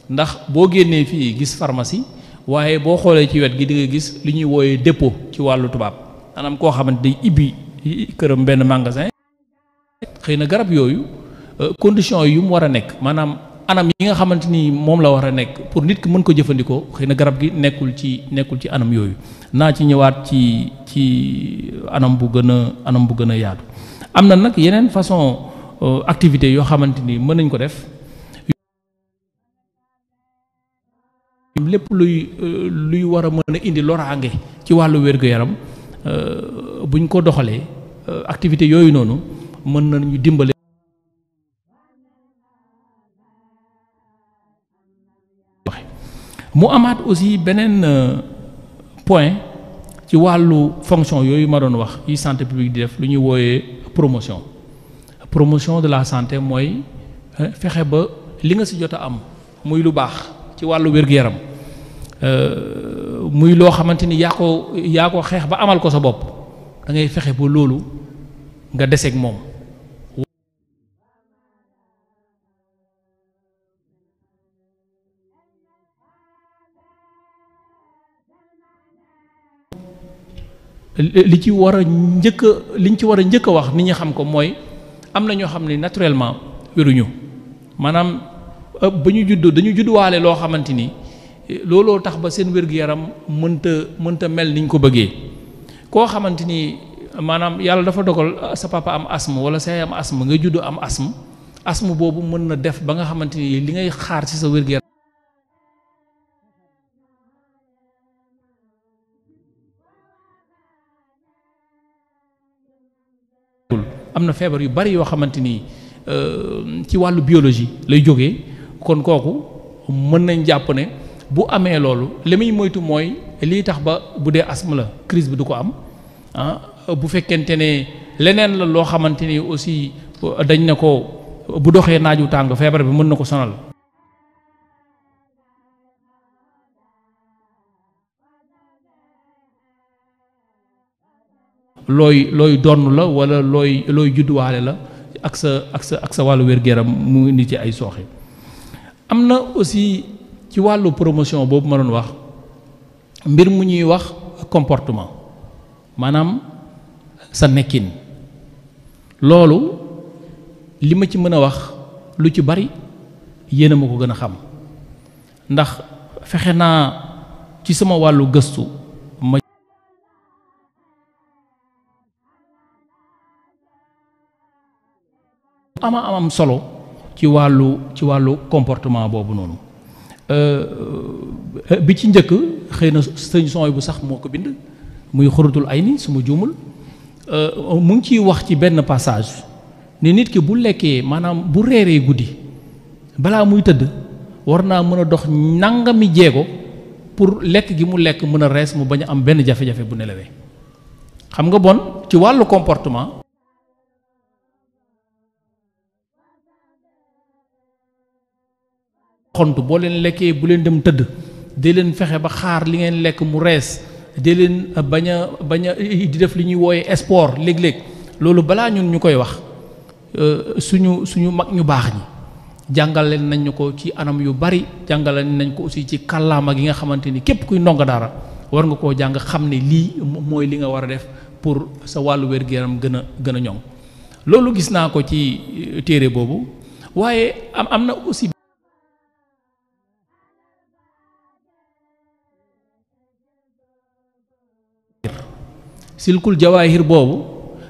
S2: ndax boo génnee fii gis pharmacie waaye boo xoolee ci wet gi dinga gis li ñuy wooyee dépôt ci wàllu tubaab anam koo xamante day ibbi këram benn magasin. xëy na garab yooyu euh, condition yu mu war a nekk maanaam anam yi nga xamante ni moom la war a nekk pour nit ki mën ko jëfandikoo xëy na garab gi nekkul ci nekkul ci anam yooyu naa ci ñëwaat ci ci anam bu gën a anam bu gën a yaatu am na nag yeneen façon euh, activité yoo xamante ni mën nañ ko def. lépp luy euh, luy war a mën a indi loraange ci wàllu wér-gu-yaram euh, buñ ko doxalee euh, activité yooyu noonu mën nañu dimbale mu amaat aussi beneen point ci wàllu fonction yooyu ma doon wax yi santé publique di def lu ñuy wooyee promotion promotion de la santé mooy fexe ba li nga si jot a am muy lu baax ci wàllu wér-gu-yaram euh, muy loo xamante ni yaa ko yaa ko xeex ba amal ko sa bopp da ngay fexe ba loolu nga deseeg moom li ci war a liñ ci war a njëkk a wax ni ñu xam ko mooy am na ñoo xam ne naturellement wéruñu maanaam Euh, ba ñu juddoo dañu judduwaale loo xamante ni eh, looloo tax ba seen wér-gu-yaram mënta mënta mel niñ ko bëggee koo xamante ni maanaam yàlla dafa dogal ah, sa papa am asthme wala sa yaay am asthme nga juddu am asma asthme boobu mën na def ba nga xamante ni li ngay xaar ci sa wér-gu-yaram am na feebar yu bari yoo xamante ni euh, ci wàllu biologie lay jóge kon kooku mën nañ jàpp ne bu amee loolu li muy moytu mooy lii tax ba bu dee asthme la crise bi du ko am ah, bu fekkente ne leneen la loo xamante ni aussi dañ ne ko bu doxee naaju tàng feebar bi mën na ko sonal. looy looy donn la wala looy looy judduwaale la ak sa ak sa ak sa wàllu wér gu mu indi ci ay sooxe. amna aussi ci walu promotion bobu ma doon wax mbir mu ñuy wax comportement manam, sa nekkin loolu li ma ci mën a wax lu ci bari yéen a ma ko gën a xam ndax fexe naa ci sama wàllu gëstu ma ama am solo ci wàllu ci wàllu comportement boobu noonu euh, euh, bi ci njëkk xëy na sëñ son bu sax moo ko bind muy xuratul ay ni su ma juumul euh, mu ngi ciy wax ci benn passage ni nit ki bu lekkee maanaam bu reeree guddi balaa muy tëdd war naa mën a dox nangami jéego pour lekk gi mu lekk mën a rees mu bañ am benn jafe-jafe bu nelawee xam nga bon ci wàllu comportement kontu bo len lekke bu len dem teud de len fexé ba xaar li ngeen lek mu res di len euh, baña baña di def li ñuy woy sport leg leg lolu bala ñun ñukoy wax euh suñu suñu mag ñu bax ñi len nañ ci anam yu bari len nañ ko aussi ci kàllaama gi nga xamanteni kep kuy ndongo dara war nga ko jang xam li moy li nga wara def pour sa walu wer gu gëna gën a gis na ko ci euh, téré bobu waye am aussi silkul jawahir bobu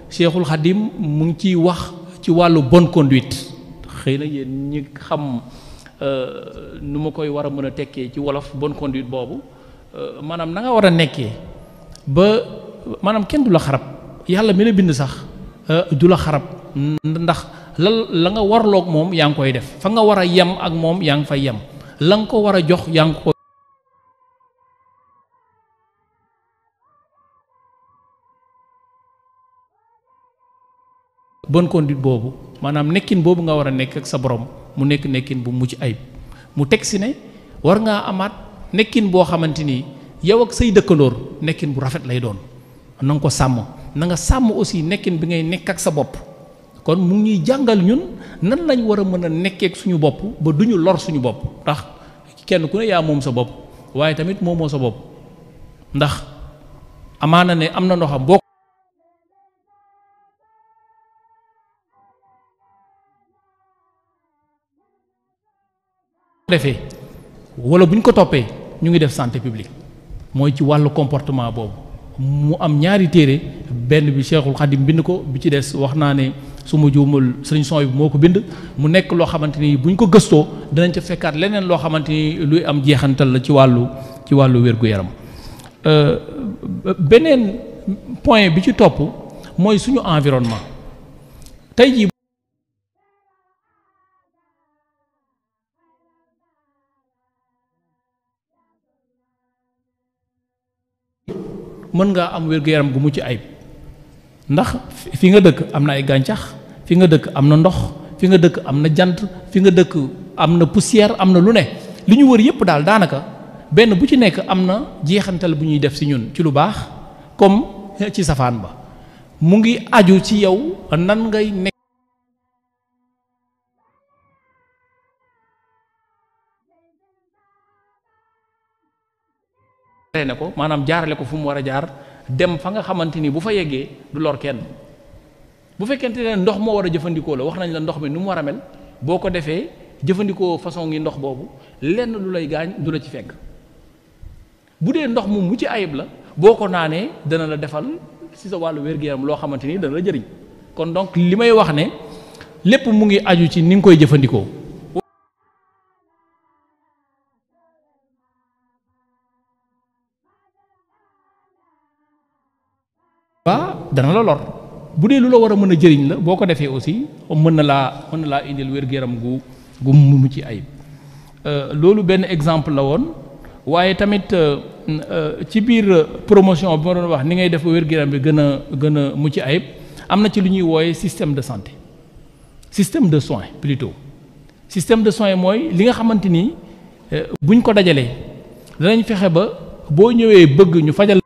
S2: cheikhul khadim mu ngi ciy wax ci walu bonne conduite xeyna ñi xam euh numu koy wara mëna mën ci wolof bonne conduite bobu euh, manam na nga war nekké ba manam kenn dula xarab yalla mi la bind sax euh dula xarab ndax la nga warlok mom yang koy def fa nga wara yam ak mom yang fa yam ko wara jox yang bonne conduite boobu maanaam nekkin boobu nga war a nekk ak sa borom mu nekk nekkin bu mucc ayib mu teg si ne war ngaa amaat nekkin boo xamante ni yow ak say dëkkandoor nekkin bu rafet lay doon na sàmm na nga sàmm aussi nekkin bi ngay nekk ak sa bopp kon mu ngi jàngal ñun nan lañ war a mën a nekkeek suñu bopp ba duñu lor suñu bopp ndax kenn ku ne yaa moom sa bopp waaye tamit moomoo sa bopp ndax amaana ne am na noo boo defee wala bu ñu ko toppee ñu ngi def santé publique mooy ci wàllu comportement boobu mu am ñaari téere benn bi Cheikhul Khadim bind ko bi ci des wax naa ne su ma juumul sëriñ son bi moo ko bind mu nekk loo xamante ni bu ñu ko gëstoo danañ ca fekkaat leneen loo xamante ni luy am jeexantal la ci wàllu ci wàllu wér-gu-yaram euh, beneen point bi ci topp mooy suñu environnement tey jii mën ngaa am wér-gu-yaram gu mucc ayib ndax fi nga dëkk am na ay gàncax fi nga dëkk am na ndox fi nga dëkk am na jant fi nga dëkk am na poussière am na lu ne li ñu wër yépp daal daanaka benn bu ci nekk am na jeexantal bu ñuy def si ñun ci lu baax comme ci safaan ba mu ngi aju ci yow nan ngay nekk ne ko maanaam jaarale ko fu mu war a jaar dem fa nga xamante ni bu fa yeggee du lor kenn bu fekkente ne ndox moo war a jëfandikoo la wax nañ la ndox mi nu mu war a mel boo ko defee jëfandikoo façon ngi ndox boobu lenn lu lay gaañ du la ci fekk bu dee ndox mu mucc ayib la boo ko naanee dana la defal ci sa wàllu wér-gu-yaram loo xamante ni dana la jëriñ kon donc li may wax ne lépp mu ngi aju ci ni nga koy jëfandikoo. dana la lor bu dee lu la war a mën a jëriñ la boo ko defee aussi mën na laa mën na laa indil wér-gu-yaram gu mu ci ayib euh, loolu benn exemple la woon waaye tamit euh, euh, ci biir promotion bi ma doon wax ni ngay def wér-gu-yaram bi gën a gën a mu ci ayib am na ci lu ñuy wooye système de santé système de soins plutôt système de soins mooy li nga xamante ni buñ ko dajalee danañ fexe ba boo ñëwee bëgg ñu fajal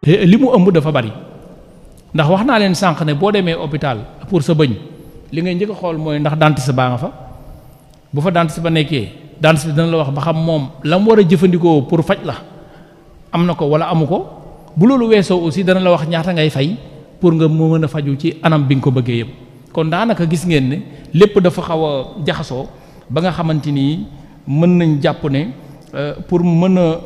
S2: Eh, li mu ëmb dafa bari ndax wax naa leen sànq ne boo demee hôpital pour sa bëñ li ngay njëkk a xool mooy ndax dentiste baa nga fa bu fa dentiste ba nekkee dentiste bi dana la wax ba xam moom la mu war a jëfandikoo pour faj la am na ko wala amu ko bu loolu weesoo aussi dana la wax ñaata ngay fay pour nga mu mën a faju ci anam bi nga ko bëggee yëpp kon daanaka gis ngeen ne lépp dafa xaw a jaxasoo ba nga xamante ni mën nañ jàpp ne euh, pour mën
S3: a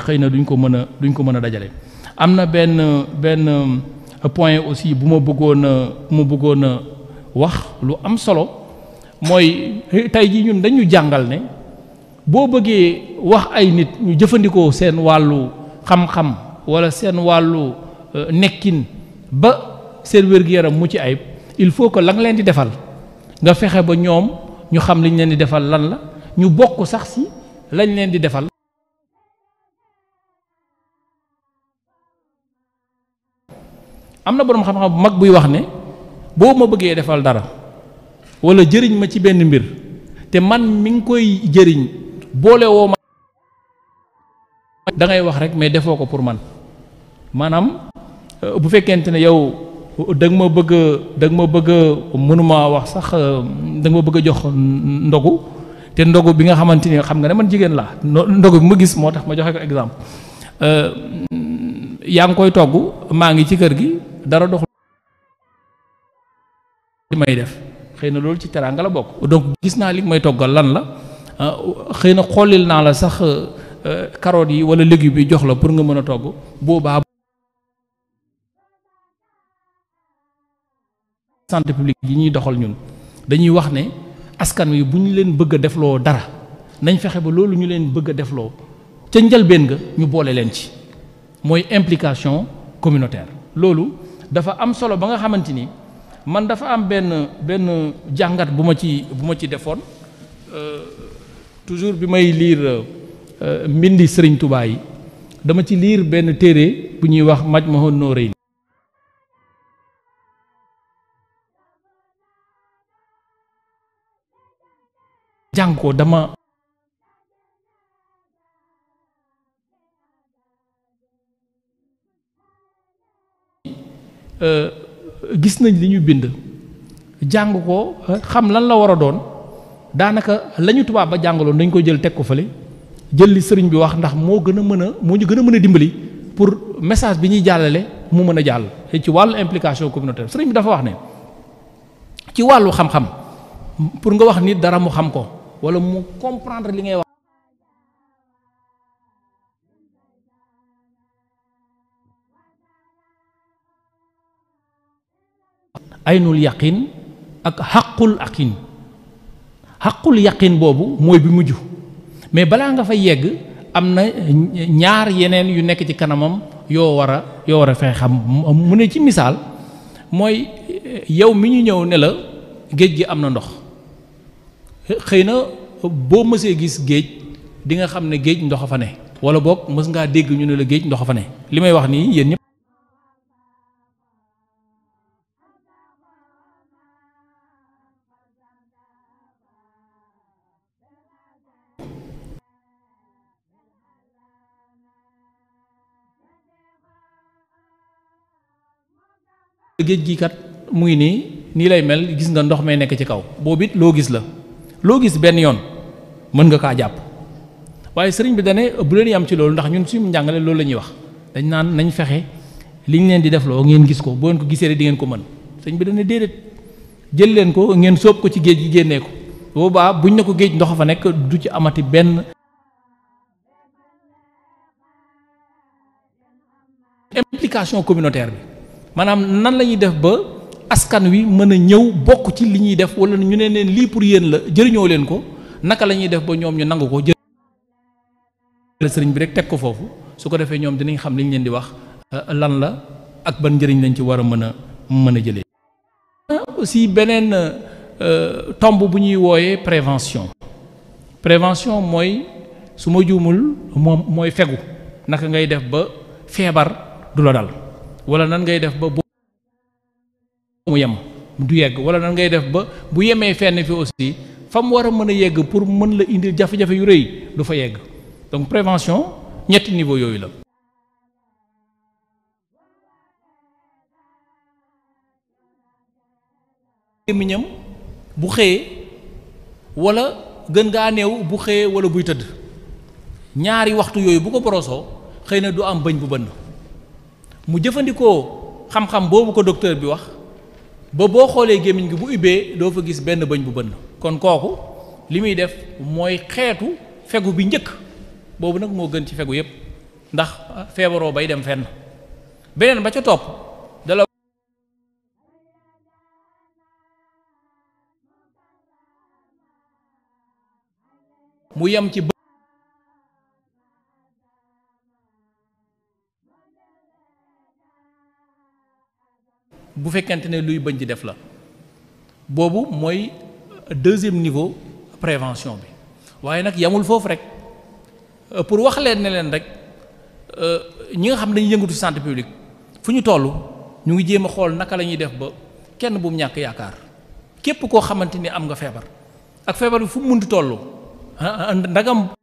S3: xëy na duñ
S2: ko mën a duñ ko mën a dajale am na benn benn euh, point aussi bu ma bëggoon a euh, bu ma bëggoon euh, wax lu am solo mooy tey jii ñun dañu jàngal ne boo bëggee wax ay nit ñu jëfandikoo seen wàllu xam-xam walla seen wàllu nekkin ba seen wér-gu-yaram mu ci ayib il faut que lan leen di defal nga fexe ba ñoom ñu xam liñ leen di defal lan la ñu bokk sax si lañ leen di defal amna borom xam-xam bu mag buy wax ne bo ma bëggee defal dara wala jëriñ ma ci benn mbir te man mi ngi koy jëriñ boole woo ma da ngay wax rek mais defoo ko pour man maanaam euh, bu fekkente ne yow da nga ma bëgg da nga ma bëgg mënuma wax sax euh, da nga ma bëgg jox ndogu te ndogu bi nga xamante xam nga ne man jigéen la ndogu bi ma gis moo ma joxe ko exemple euh, yaa ngi koy togg maa ngi ci kër gi dara doxul li may def xëy na loolu ci teraanga la bokk donc gis naa li may toggal lan la ah, xëy na xoolil naa la sax euh, carottes yi wala légumes yi jox la pour nga mën a togg boobaa santé publique yi ñuy doxal ñun dañuy wax ne askan wi bu ñu leen bëgg a defloo dara nañ fexe ba loolu ñu leen bëgg a defloo ca njëlbeen nga ñu boole leen ci mooy implication communautaire loolu dafa am solo ba nga xamante ni man dafa am benn benn jàngat bu ma ci bu ma ci defoon euh, toujours bi may liir euh, mbindi Serigne yi dama ci liir benn téere bu ñuy wax Majmahun Nurayni jàng ko dama Euh, gis nañ li ñu bind jang ko euh, xam lan la wara doon danaka lañu tuba ba jangalo dañ ko jël tek ko fele jël li serigne bi wax ndax mo gëna mëna mo ñu gëna mëna dimbali pour message bi ñi jallalé mu mëna jall ci walu implication communautaire serigne bi dafa wax ne ci walu xam-xam pour nga wax nit dara mu xam ko wala mu comprendre li ngay wax aynul yaqin ak xaqul aqin xaqul yaqin boobu mooy bi mujj mais balaa nga fa yegg am na ñaar yeneen yu nekk ci kanamam yoo war a yoo war a fexe xam mu ne ci misaal mooy yow mi ñu ñëw ne la géej gi am na ndox xëy na boo mësee gis géej di nga xam ne géej ndox a fa ne wala boog mës ngaa dégg ñu ne la géej ndox a fa ne li may wax nii yéen ñëpp géej gii kat mu ngi nii nii lay mel gis nga ndox may nekk ci kaw boobu it loo gis la loo gis benn yoon mën nga kaa jàpp waaye sëriñ bi dane bu leen yam ci loolu ndax ñun suñu njàngale loolu la ñuy wax dañ naan nañ fexe liñ leen di def loo ngeen gis ko boo leen ko gisee rek di ngeen ko mën sëriñ bi dane déedéet jël leen ko ngeen sóob ko ci géej gi génnee ko boobaa buñ ne ko géej ndox fa nekk du ci amati benn implication communautaire bi manam nan la def ba askan wi meuna ñew bokku ci li ñuy def wala ñu neene li pour yeen la len ko naka la def ba ñom ñu nangu ko jël sëriñ bi rek tek ko fofu su ko defé ñom dinañ xam liñ leen di wax euh, lan la ak ban njëriñ lañ ci wara meuna meuna a aussi benen euh tombe bu ñuy woyé prévention prévention moy suma moy fegu naka ngay def ba febar du dal wala nan ngay def ba bu mu yem du yegg wala nan ngay def ba bu yemee fenn fi aussi fa mu war a mën a yegg pour mën la indi jafe-jafe yu rëy du fa yegg donc prévention ñetti niveau yooyu la gémmiñam bu xëyee wala gën ngaa néew bu xëyee wala buy tëdd ñaari waxtu yooyu bu ko borosoo xëy na du am bëñ bu bënn mu jëfandikoo xam-xam boobu ko docteur bi wax ba boo xoolee gémmiñ gi bu ubbee doo fa gis benn bëñ bu bënn kon kooku li muy def mooy xeetu fegu bi njëkk boobu nag moo gën ci fegu yépp ndax feebaroo bay dem fenn beneen ba ca topp mu yem ci bu fekkente ne luy bañ di def la deuxième niveau prévention bi waaye nag yamul foofu rek euh, pour wax leen ne leen rek euh, ñi nga xam dañuy santé publique fu ñu ñu ngi jéem a naka la def ba kenn bu mu ñàkk képp am nga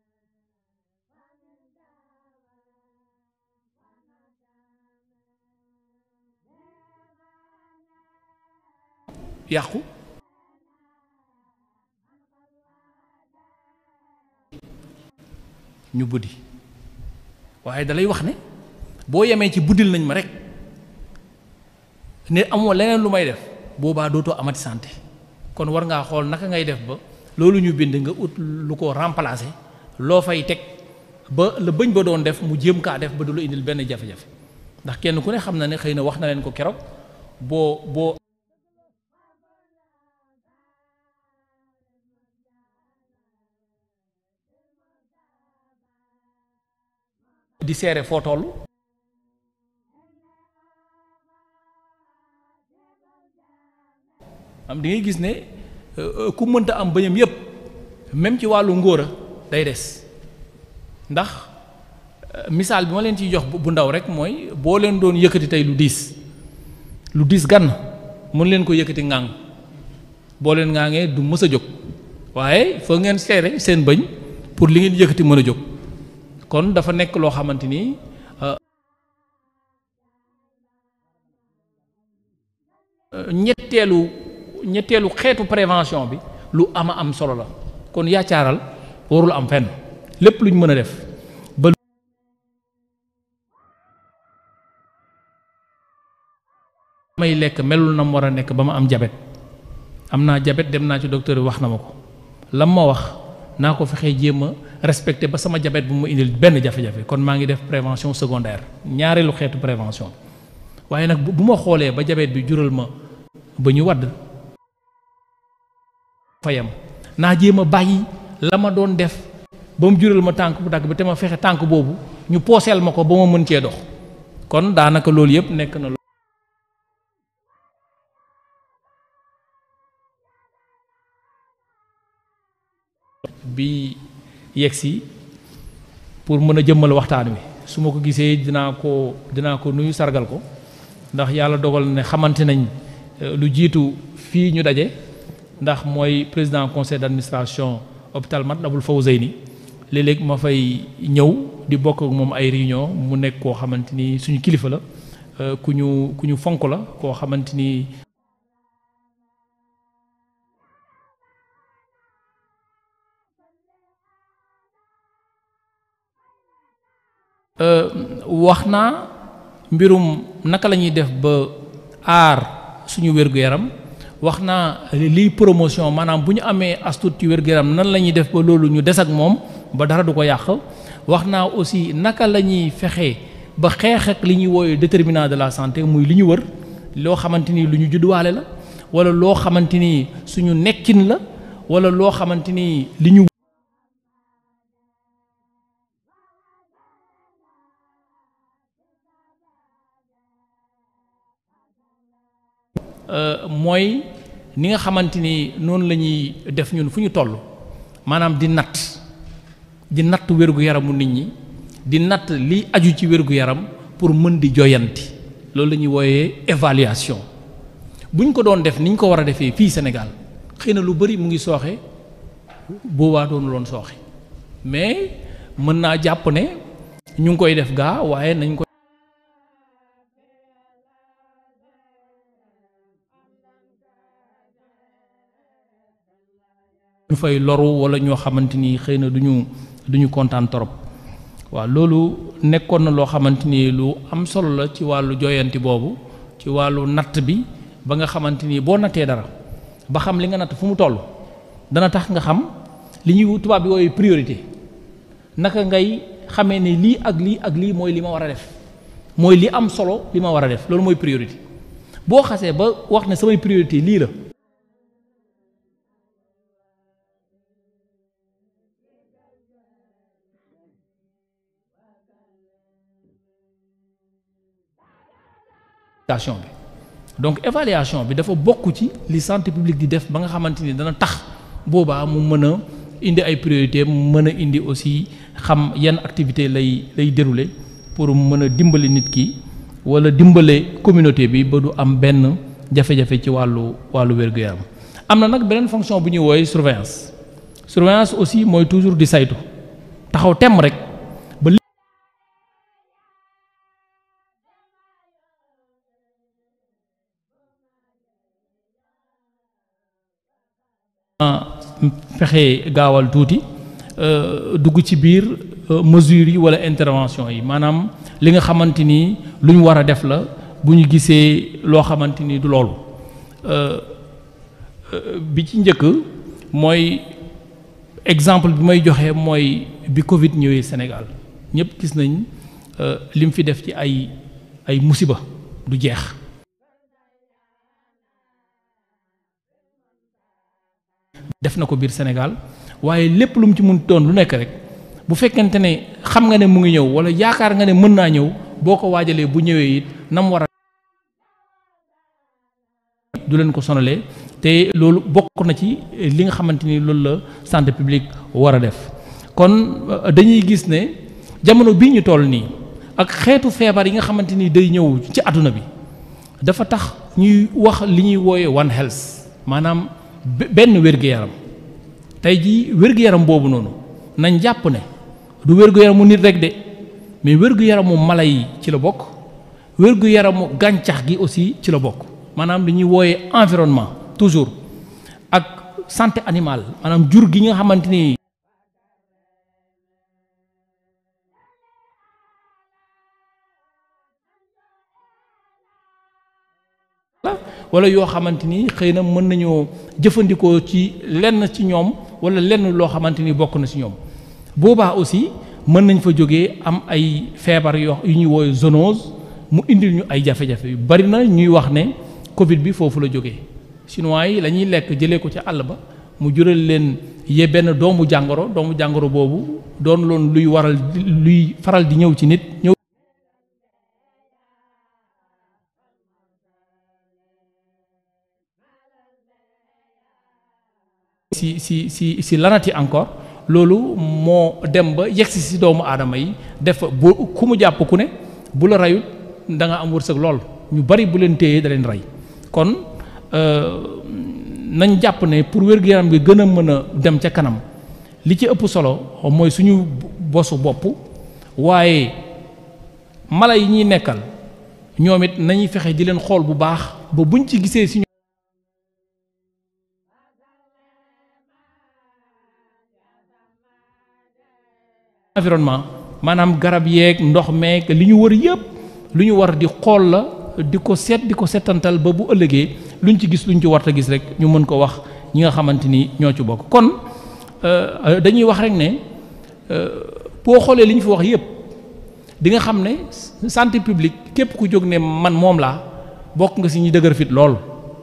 S2: yàqu ñu buddi waaye dalay wax ne boo yemee ci buddil nañ ma rek ne amoo leneen lu may def boobaa dootoo amati santé kon war ngaa xool naka ngay def ba loolu ñu bind nga ut lu ko remplacer loo fay teg ba la bëñ ba doon def mu jéem kaa def ba du lu indil benn jafe-jafe ndax kenn ku ne xam na ne xëy na wax na leen ko keroog boo boo di seere foo toll am di ngay gis ne euh, ku mënta am bëñam yépp même ci wàllu ngóora day des ndax euh, misaal bi ma leen ci jox bu ndaw rek mooy boo leen doon yëkkati tey lu diis lu diis gan mën leen ko yëkkati ŋàng boo leen ŋaangee du mës a jóg waaye foo ngeen seere seen bëñ pour li ngeen yëkkati mën a jóg kon dafa nekk loo xamante ni. Euh, ñetteelu ñetteelu xeetu prévention bi lu ama am solo la kon yaacaaral warul am fenn lépp luñ mën a def ba may lekk melul na mu war a nekk ba ma am jabet am naa jabet dem naa ci docteur bi wax na ma ko la ma wax naa ko fexee jéem a respecté ba sama jabet bu ma indil benn jafe-jafe kon maa ngi def prévention secondaire ñaareelu xeetu prévention waaye nag bu ma xoolee ba jabet bi jural ma ba ñu wadd fayam naa jéem a bàyyi la ma doon def ba mu jural ma tànk bu dagg bi te ma fexe tànk boobu ñu pooseel ma ko ba ma mën cee dox kon daanaka loolu yëpp nekk na bi yeksi pour mën a jëmmal waxtaan wi su ma ko gisee dinaa ko dinaa ko nuyu sargal ko ndax yàlla dogal ne xamante nañ euh, lu jiitu fii ñu daje ndax mooy président conseil d' administration hôpital Matlaboul Fawzeyni léeg-léeg ma fay ñëw di bokk ak moom ay réunion mu nekk koo xamante ni suñu kilifa la euh, ku ñu ku ñu fonk la koo xamante ni Euh, wax naa mbirum naka la ñuy def ba aar suñu wér-gu-yaram wax naa liy promotion maanaam bu ñu amee astut ci wér-gu-yaram nan la ñuy def ba loolu ñu des ak moom ba dara du ko yàq wax naa aussi naka la ñuy fexe ba xeex li ñuy wooyee déterminant de la santé muy li ñu wër loo xamante ni lu ñu judduwaale la wala loo xamante suñu nekkin la wala loo xamante li ñu Euh, mooy ni nga xamante ni noonu la ñuy def ñun fu ñu toll maanaam di natt di natt wérgu yaramu nit ñi di natt liy aju ci wérgu yaram pour mën di joyanti loolu la ñuy wooyee évaluation bu ñu ko doon def ni ñu ko war a defee fii Sénégal xëy na lu bari mu ngi sooxe boobaa doonu loon sooxe mais mën naa jàpp ne ñu ngi koy def gaa waaye nañ ko ñu fay loru wala ñoo xamante ni xëy na duñu duñu kontaan torop wa loolu nekkoon lo loo lu am solo la ci wàllu joyanti bobu ci wàllu natt bi ba nga xamante ni boo nattee dara ba xam li nga natt fu mu toll dana tax nga xam li ñuy bi priorité naka ngay xamee ne lii ak lii ak lii mooy li ma war a def mooy li am solo li ma war def loolu mooy priorité ba wax ne priorité la évaluation donc évaluation bi dafa bokk ci li santé publique di def ba nga xamante ni dana tax boobaa mu mën indi ay priorités, mu mën indi aussi xam yan activité lay lay dérouler pour mën a dimbali nit ki wala dimbale communauté bi ba du am benn jafe-jafe ci walu walu wergu yam amna nak benen fonction bu ñuy wooye surveillance surveillance aussi moy toujours di saytu taxaw tém rek fexé gawal touti euh dugg ci bir euh, mesure yi wala intervention yi manam li nga xamanteni luñ wara def la buñu ñu lo xamanteni du ni euh, euh bi ci njëkk moy exemple bi may joxé moy bi Covid ñëwé Sénégal ñëpp gis nañ euh lim fi def ci ay ay musiba du jeex def na ko biir Sénégal waaye lépp lum ci mun doon lu nekk rek bu fekkente ne xam nga ne mu ngi ñëw wala yaakaar nga ne mën naa ñëw boo ko waajalee bu ñëwee it na mu war a du leen ko sonalee te loolu bokk na ci li nga xamante ni loolu la santé publique war a def kon euh, dañuy gis ne jamono bii ñu toll nii ak xeetu feebar yi nga xamante ni day ñëw ci àdduna bi dafa tax ñuy wax li ñuy wooye one health maanaam benn wér-gu-yaram tey ji wér-gu-yaram boobu noonu nañ jàpp ne du wér-gu-yaramu nit rek de mais wér-gu-yaramu mala yi ci la bokk wér-gu-yaramu gàncax gi aussi ci la bokk maanaam li ñuy wooyee environnement toujours ak santé animale maanaam jur gi nga xamante ni wala yoo xamante ni xëy na mën nañoo jëfandikoo ci lenn ci ñoom wala lenn loo xamante ni bokk na ci ñoom boobaa aussi mën nañ fa jóge am ay feebar yoo yu ñuy woowe zoonose mu indil ñu ay jafe-jafe yu bari na ñuy wax ne Covid bi foofu la jóge chinois yi la ñuy lekk jëlee ko ca àll ba mu jural leen ye benn doomu jàngoro doomu jàngoro boobu doon loon luy waral luy faral di ñëw ci nit ñëw si si si si lanati encore loolu moo dem ba yegsi si doomu aadama yi def bu ku mu jàpp ku ne bu la rayut da nga am wërsëg lool ñu bari bu leen téyee da leen rey kon euh, nañ jàpp ne pour wér-gu-yaram gi gën a mën a dem ca kanam li ci ëpp solo mooy suñu bosu bopp waaye mala yi ñuy nekkal ñoom it nañuy fexe di leen xool bu baax ba buñ ci gisee si environnement maanaam garab yeeg ndox meeg li ñu wër yëpp lu ñu war di xool la di ko seet di ko setantal ba bu ëllëgee luñ ci gis luñ ci warta gis rek ñu mën ko wax ñi nga xamante ni ñoo ci bokk kon euh, dañuy wax rek ne euh, boo xoolee li ñu fi wax yëpp di nga xam ne santé publique képp ku jóg ne man moom la bokk nga si ñi dëgër fit lool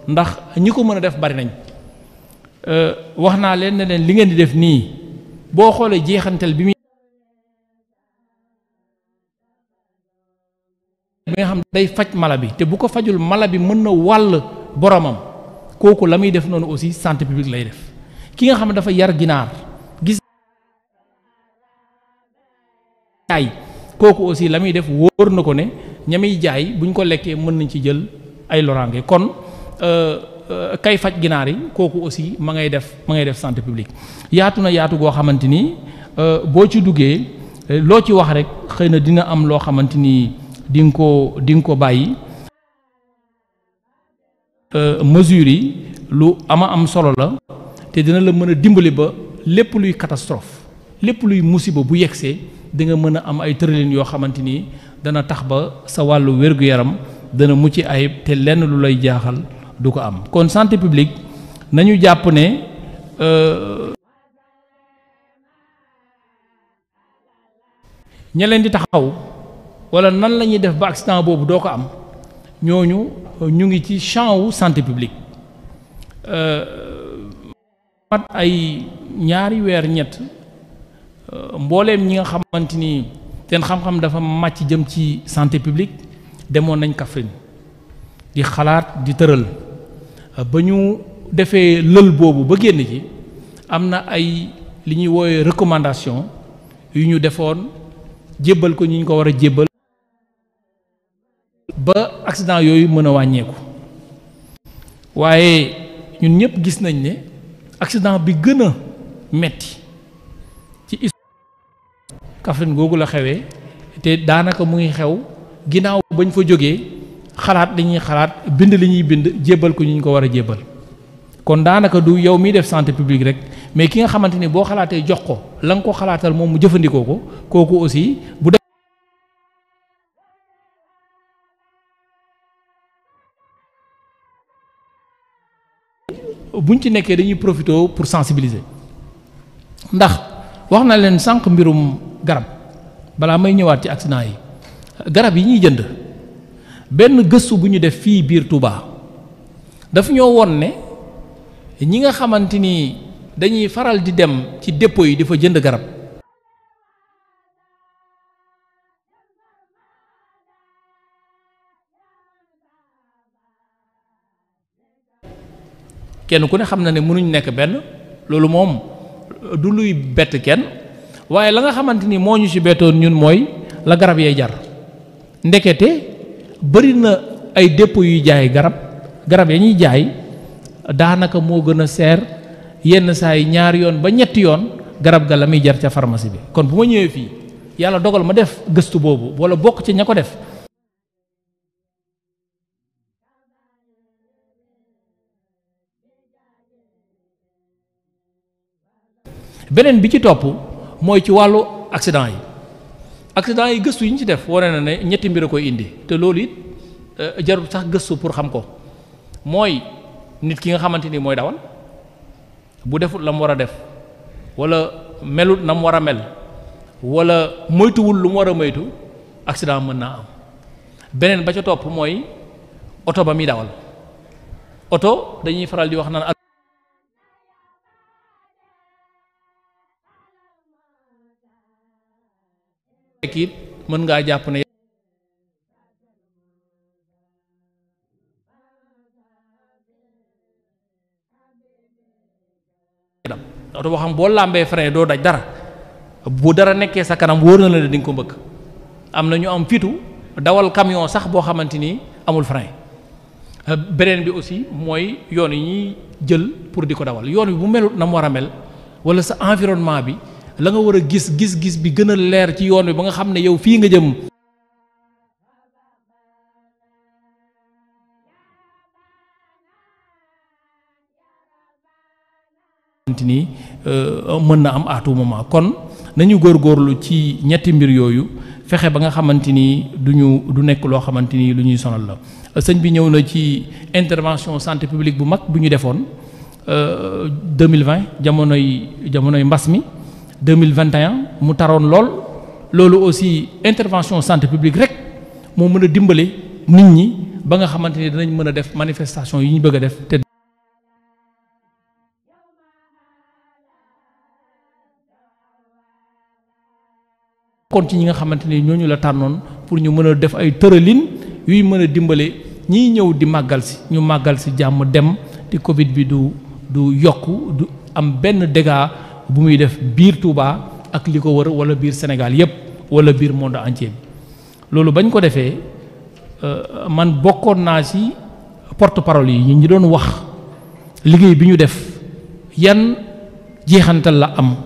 S2: ndax ñi ko mën a def bari nañ euh, wax naa leen leen li ngeen di def nii boo xoolee jeexantal bi muy bi nga xam day faj mala bi te bu ko fajul mala bi mën na wàll boromam kooku la muy def noonu aussi santé publique lay def ki nga xam dafa yar ginaar gis jaay kooku aussi la muy def wóor na ko ne ñamiy jaay buñ ko lekkee mën nañ ci jël ay lorange kon euh, euh, kay faj ginaar yi kooku aussi ma ngay def ma ngay def santé publique yaatu na yaatu goo xamante ni euh, boo ci duggee loo ci wax rek xëy dina am loo xamante dinga ko di nga ko bàyyi euh, mesures yi lu ama am solo la te dina la mën a dimbali ba lépp luy catastrophe lépp luy musiba bu yegsee di nga mën a am ay tëralin yoo xamante ni dana tax ba sa wàllu wér-gu-yaram dana mucc ayib te lenn lu lay jaaxal du ko am kon santé publique nañu jàpp ne euh, ña leen di taxaw wala nan la ñuy def ba accident boobu doo ko am ñooñu ñu ngi ci champ wu santé publique euh, mat ay ñaari weer ñett euh, mbooleem ñi nga xamante ni seen xam-xam dafa màcc jëm ci santé publique demoon nañ Kaffrine di xalaat di tëral ba ñu defee lël boobu ba génn ci am na ay li ñuy woowe recommandation yu ñu defoon jébbal ko ñu ñu ko war a jébbal ba accident yooyu mën a wàññeeku waaye ñun ñëpp gis nañ ne accident bi gën a metti ci is Kaffrine googu la xewee te daanaka mu ngi xew ginnaaw bañ fa jógee xalaat li ñuy xalaat bind li ñuy bind jébbal ko ñu ñu ko war a jébbal kon daanaka du yow miy def santé publique rek mais ki nga xamante ni boo xalaatee jox ko lan ko xalaatal moom mu jëfandikoo ko kooku aussi bu buñ ci nekkee dañuy profité pour sensibiliser ndax wax na leen sànq mbirum garab balaa may ñëwaat ci accident yi garab yi ñuy jënd benn gëstu bu ñu def fii biir Touba dafa ñoo won ne ñi nga xamante ni dañuy faral di dem ci dépôt yi
S3: di fa jënd garab.
S2: kenn ku ne xam na ne mënuñ nekk benn loolu moom du luy bett kenn waaye la nga xamante ni moo ñu ci bettoon ñun mooy la garab yee jar ndekete bari na ay dépôt yuy jaay garab garab ya ñuy jaay daanaka moo gën a seer yenn saa yi ñaar yoon ba ñetti yoon garab ga la muy jar ca pharmacie bi kon bu ma ñëwee fii yàlla dogal ma def gëstu boobu wala bokk ci ña ko
S3: def beneen bi
S2: ci topp mooy ci wàllu accident yi accident yi gëstu yi ñu ci def wane na ne ñetti mbir a koy indi te loolu it euh, jarul sax gëstu pour xam ko mooy nit ki nga xamante ni mooy dawal bu deful la mu war a def wala melut na mu war a mel wala moytuwul lu mu war a moytu accident mën naa am beneen ba ca topp mooy oto ba muy dawal oto dañuy faral di wax naan. ekip mën nga japp ne do waxam bo lambe frein do daj dara bu dara nekké sa kanam wor na la ding ko mbeuk amna ñu am fitu dawal camion sax bo xamanteni amul frein benen bi aussi moy yoon yi ñi jël pour diko dawal yoon bi bu melut na mo wara mel wala sa environnement bi la nga wara gis gis-gis bi gëna leer ci yoon bi ba nga xamne yow fi nga jëm euh mën na am à tout moment kon nañu gorlu ci ñetti mbir yoyu fexé ba nga xamanteni duñu du nekk lo xamanteni luñuy sonal la señ bi ñew na ci intervention santé publique bu mak buñu ñu euh 2020 jamono jamonoy mbass mi 2021 mu taron lol, lolou aussi intervention santé publique rek mo meuna dimbalé nit ñi ba nga xamanteni ni meuna def manifestation yi ñu bëgg def kon ci nga xamanteni ni la tànnoon pour ñu meuna def ay tëralin yuy meuna dimbalé ñi ñew di magal ci ñu magal ci jamm dem di Covid bi du du yokku du am ben bu muy def bir Touba ak liko wër wala bir Sénégal yépp wala bir monde entier lolu bañ ko euh, man boko Nazi, porto porte parole yi ñi doon wax liggéey bi ñu def yan jeexantal la am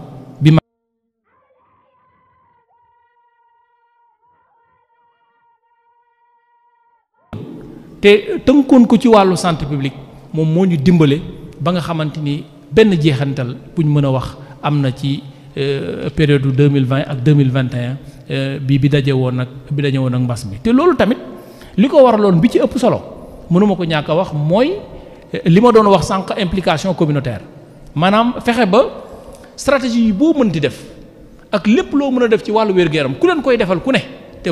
S2: bi ma te tënkoon ko ci wàllu santé publique moom moo ñu dimbale ba nga xamante ni benn jeexantal buñ mën wax amna ci euh, période 2020 ak 2021 euh, bi bi dajé won ak bi dañu won ak mbass bi té lolu tamit liko waralon bi ci ëpp solo mënuma ko ñaaka wax moy euh, lima doon wax sank implication communautaire manam fexé ba stratégie bu mën di def ak lepp lo mëna def ci walu wër gëram ku len koy defal ku ne té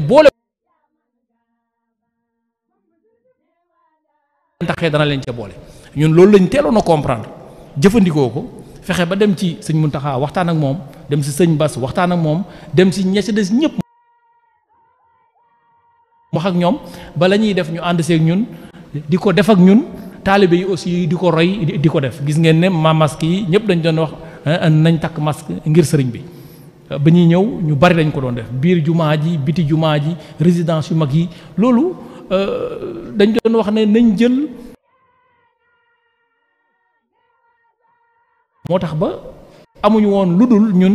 S2: le taxé dana len ci bolé ñun lolu lañ télo na comprendre jëfëndiko ko fexé ba dem ci sëñ muntaha waxtaan ak mom dem ci sëñ Bass waxtaan ak mom dem ci ñeci des ñep wax ak ñom ba lañuy def ñu ànd seeg ñun diko def ak ñun talibé yi aussi diko roy diko def gis ngeen né ma masque yi ñep dañ doon wax ah, ah, nañ tak masque ngir sëriñ bi ba ñuy ñu bari lañ ko doon def bir jumaaji ji biti jumaaji ji résidence yu mag yi euh dañ doon wax né nañ jël moo tax ba amuñu woon lu dul ñun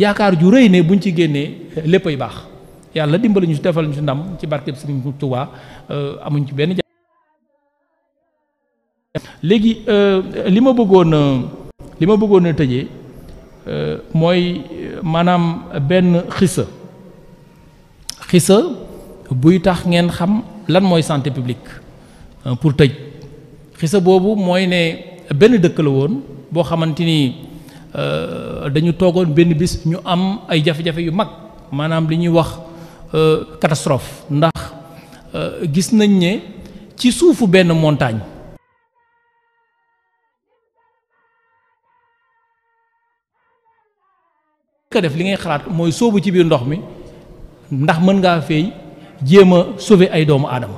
S2: yaakaar ju rëy ne buñ ci génnee eh, léppay baax yàlla dimbali ñu defal ñu ndam ci barkeb Sëriñ Tuubaa euh, amuñ ci benn léegi euh, li ma bëggoon euh, li ma bëggoon a tëjee mooy maanaam benn xisa xisa buy tax ngeen xam lan mooy santé publique pour tëj xisa boobu mooy ne benn dëkk la woon boo xamante ni euh, dañu toogoon benn bis ñu am ay jafe-jafe yu mag maanaam li ñuy wax euh, catastrophe ndax euh, gis nañ ne ci suufu benn montagne ko li ngay xalaat mooy sóobu ci biir ndox mi ndax mën ngaa fay jéem a sauver ay doomu aadama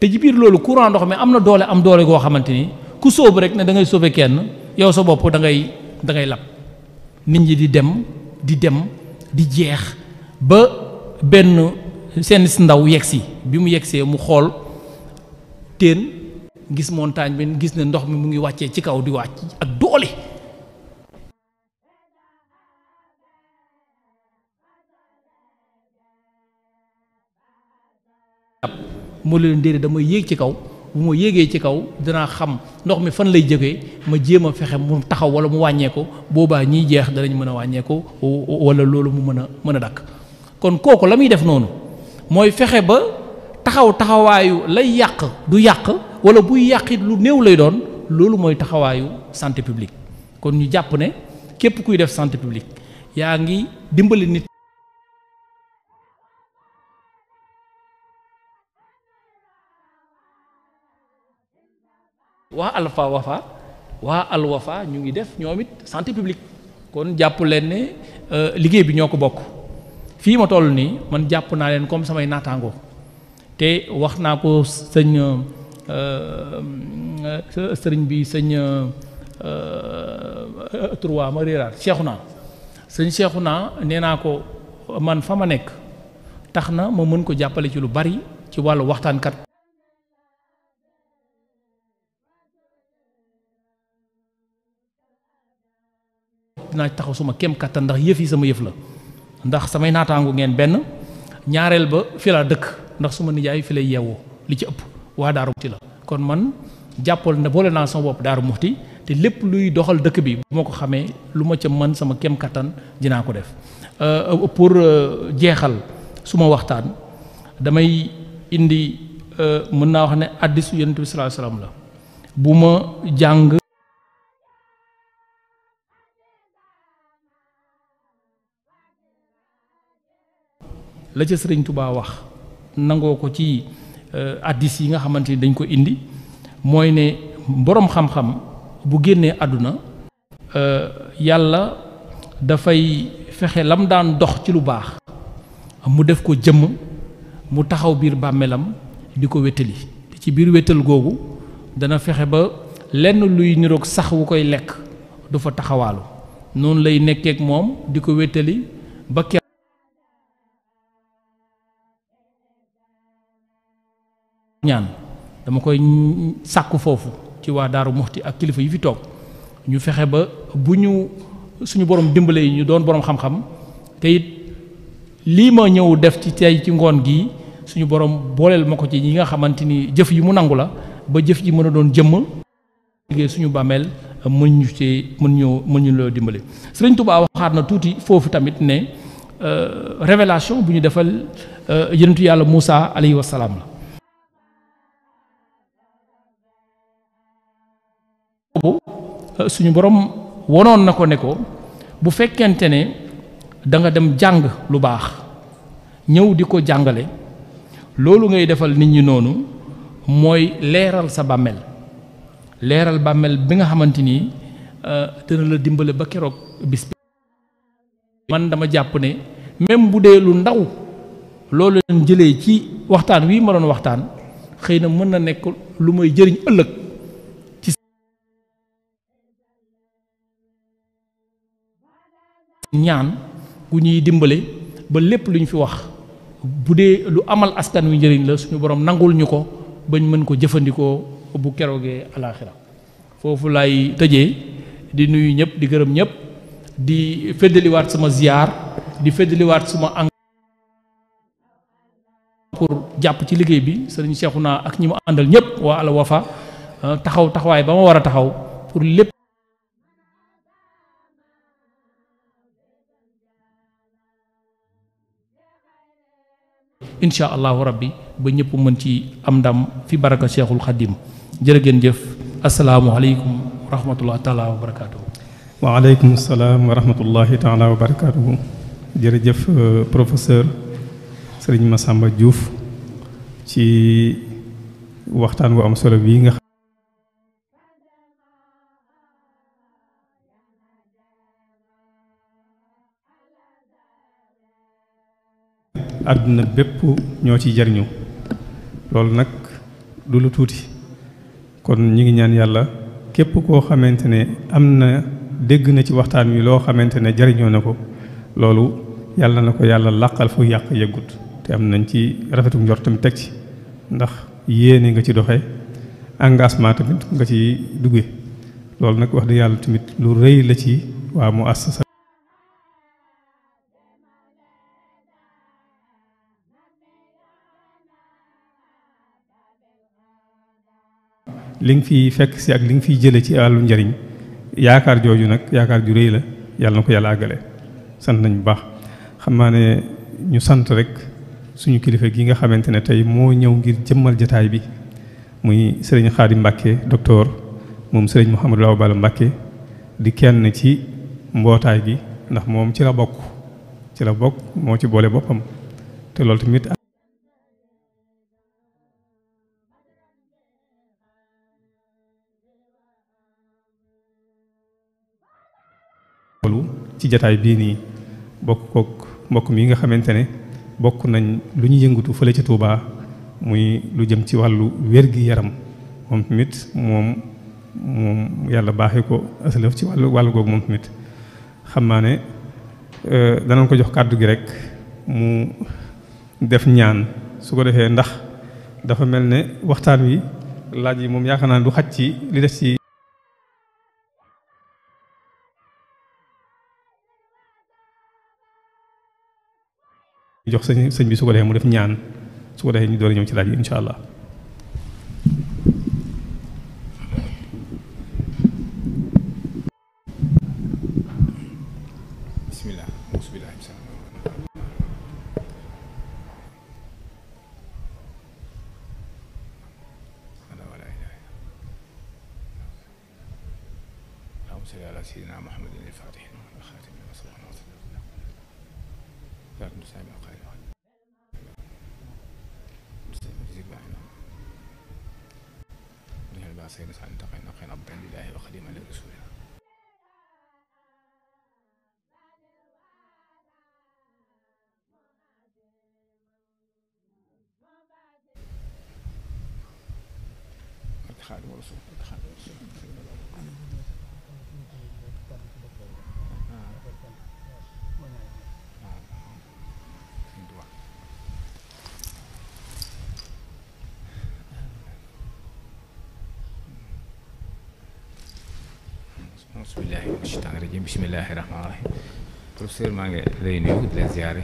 S2: te ci biir loolu courant ndox mi am na doole am doole goo xamante ni ku sóobu rek ne da ngay sauver kenn yow sa bopp dangay dangay lab nit ñi di dem di dem di jeex ba benn seen ndaw yegsi bi mu yegsee mu xool teen gis montagne bi gis ne ndox mi mu ngi wàccee ci kaw di wàcc ak doole mu leen déedéet damay yéeg ci kaw bu ma yéegee ci kaw dinaa xam ndox mi fan lay jógee ma jéem a fexe mu taxaw wala mu wàññeeku boobaa ñiy jeex danañ mën a wàññeeku wala loolu mu mën a mën a dakk kon kooku la muy def noonu mooy fexe ba taxaw taxawaayu lay yàq du yàq wala buy yàqit lu néew lay doon loolu mooy taxawaayu santé publique kon ñu jàpp ne képp kuy def santé publique yaa ngi dimbali nit wa alpha wafa wa al wafa ñu ngi def ñomit santé publique kon jàpp leen ne euh, liggéey bi ñoko bok fi ma toll ni man japp na len comme samay naataangoo te wax naa ko euh, euh señ bi euh, euh trois ma réeraat seexu naa sëñ ko man fama nek taxna ma mën ko jappalé ci lu bari ci waxtan kat dina taxaw suma kem katan ndax yef yi sama yef la ndax samay natangu ngeen ben ñaarel ba fi la dekk ndax suma nijaay fi lay yewoo li ci ëpp waa daaru muxti la kon man jàppal na boole naa sama bopp daaru te lépp luy doxal dëkk bi bu ma ko xamee lu ma ca sama kem kattan dinaa ko def euh, euh, pour euh, jeexal suma waxtaan damay indi mën naa wax ne addisu yonente bi salaa salaam la bu ma la ca sëriñ Touba wax nangoo ko ci euh, addis yi nga xamante ni dañ ko indi mooy ne boroom xam-xam bu génnee àdduna euh, yàlla dafay fexe lam daan dox ci lu baax mu def ko jëmm mu taxaw biir bàmmeelam di ko wétali ci biir wétal googu dana fexe ba lenn luy niroog sax wu koy lekk du fa taxawaalu noonu lay nekkeek moom di ko wétali ba ñaan dama koy sàkku foofu ci waa Daaru Muxti ak kilifa yi fi toog ñu fexe ba bu ñu suñu borom dimbale yi ñu doon borom xam-xam te lii ma ñëw def ci tey ci ngoon gi suñu borom booleel ma ko ci ñi nga xamante ni jëf yi mu nangu la ba jëf ji mën a doon jëmm liggéey suñu bàmmeel mën ñu ci mën ñoo mën ñu loo dimbale sëriñ Tuubaa waxaat na tuuti foofu tamit ne euh, révélation bu ñu defal euh, yonentu yàlla Muusa alayhi wa salaam la boobu euh, suñu borom wonoon na ko ne ko bu fekkente ne da nga dem jàng lu baax ñëw di ko jàngale loolu ngay defal nit ñi noonu mooy leeral sa bàmmeel leeral bàmmeel bi nga xamante ni euh, dina la dimbale ba keroog bis man dama jàpp ne même bu dee lu ndaw loolu leen jëlee ci waxtaan wii ma doon waxtaan xëy na mën na nekk lu may jëriñ ëllëg ñaan ku ñuy dimbale ba lépp lu ñu fi wax bu dee lu amal askan wi njëriñ la suñu boroom nangul ñu ko bañ mën ko jëfandikoo bu keroogee alaaxira foofu lay tëjee di nuyu ñëpp di gërëm ñëpp di feddaliwaat sama ziyaar di feddaliwaat suma eng pour jàpp ci liggéey bi sëriñ Seexuna ak ñi mu àndal ñëpp waa Al ah, taxaw taxawaay ba ma war a taxaw pour lépp incha allahu rabbi ba ñëpp mën ci am ndam fi baraka cheikhul xadim jërë ngeen jëf
S1: asalaamualeykum wa rahmatullahi taala wa barakaatu. waaleykum salaam wa rahmatullahi taala wa barakaatu. jërëjëf euh, professeur Serigne Massamba Diouf ci waxtaan wu am solo bii nga àdduna bépp ñoo ciy jariñoo loolu nag du lu tuuti kon ñi ngi ñaan yàlla képp koo xamante ne am na dégg na ci waxtaan wi loo xamante ne jariñoo na ko loolu yàlla na ko yàlla làqal fu yàq yëggut te am nañ ci rafetu njortam teg ci ndax yéene nga ci doxe engagement tamit nga ci dugge loolu nag wax dëgg yàlla tamit lu rëy la ci waa mu assasa li nga fiy fekk si ak li nga fiy jëlee ci wàllu njariñ yaakaar jooju nag yaakaar ju réy la yàlla na ko yàlla àggale sant nañ bu baax xam naa ne ñu sant rek suñu kilifa gi nga xamante ne tey moo ñëw ngir jëmmal jataay bi muy sëriñ Xaadim Mbàkke docteur moom sëriñ Mouhamadou Awa Balla Mbàkke di kenn ci mbootaay gi ndax moom ci la bokk ci la bokk moo ci boole boppam te loolu tamit ci jataay bii nii bokk kook mbokk mi nga xamante ne bokk nañ lu ñu yëngatu fële ca Touba muy lu jëm ci wàllu wér-gi-yaram moom mit moom moom yàlla baaxee ko asalëf ci wàll wàllu googu moom tamit xam naa ne euh, danañ ko jox kàddu gi rek mu def ñaan su ko defee ndax dafa mel ne waxtaan wi laaj yi moom yaakaar naa du xaj ci li des ci jox sëñ sëñ bi su ko defee mu def ñaan su ko defee ñu door a ñëw ci laaj yi incha allah.
S3: صل على سيدنا محمد الفاتح والخاتم وصلى الله وسلم سامع قائلا البعث ينسى عن لله وخديما لرسوله بسم الله الرحمن الرحيم بسم الله الرحمن الرحيم بروفيسور مانگ لينيو دلزياري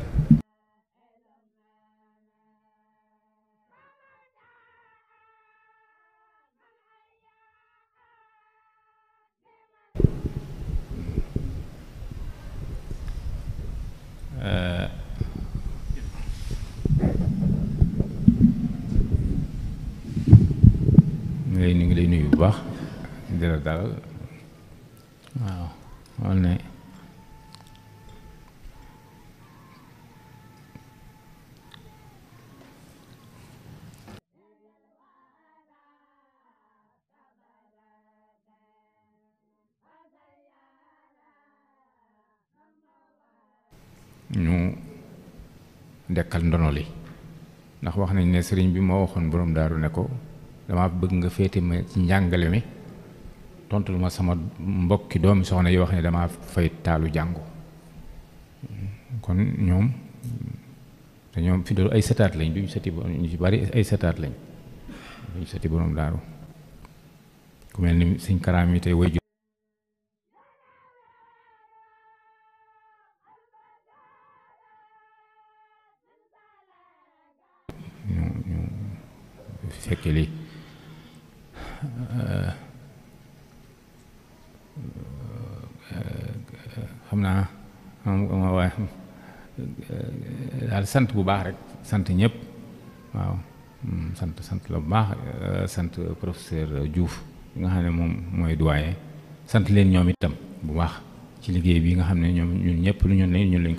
S3: dekkal ndono li ndax wax nañ ne sëriñ bi moo waxon borom daaru ne ko dama bëgg nga fété ma ci njàngale mi tontul ma sama mbokki doomi soxna yi wax ne dama fay taalu jàngu kon ñoom te ñoom fi doon ay setaat lañ duñ seti ñu ci bari ay setaat lañ duñ seti borom daaru ku mel ni sëñ karaam yi tey sant bu baax rek sant ñëpp waaw mm, sant sant la bu baax euh, sant professeur juuf bi nga xam ne moom mooy doyen sant leen ñoom itam bu baax ci liggéey bi nga xam ne ñoom ñun ñëpp lu ñu ne ñun lañ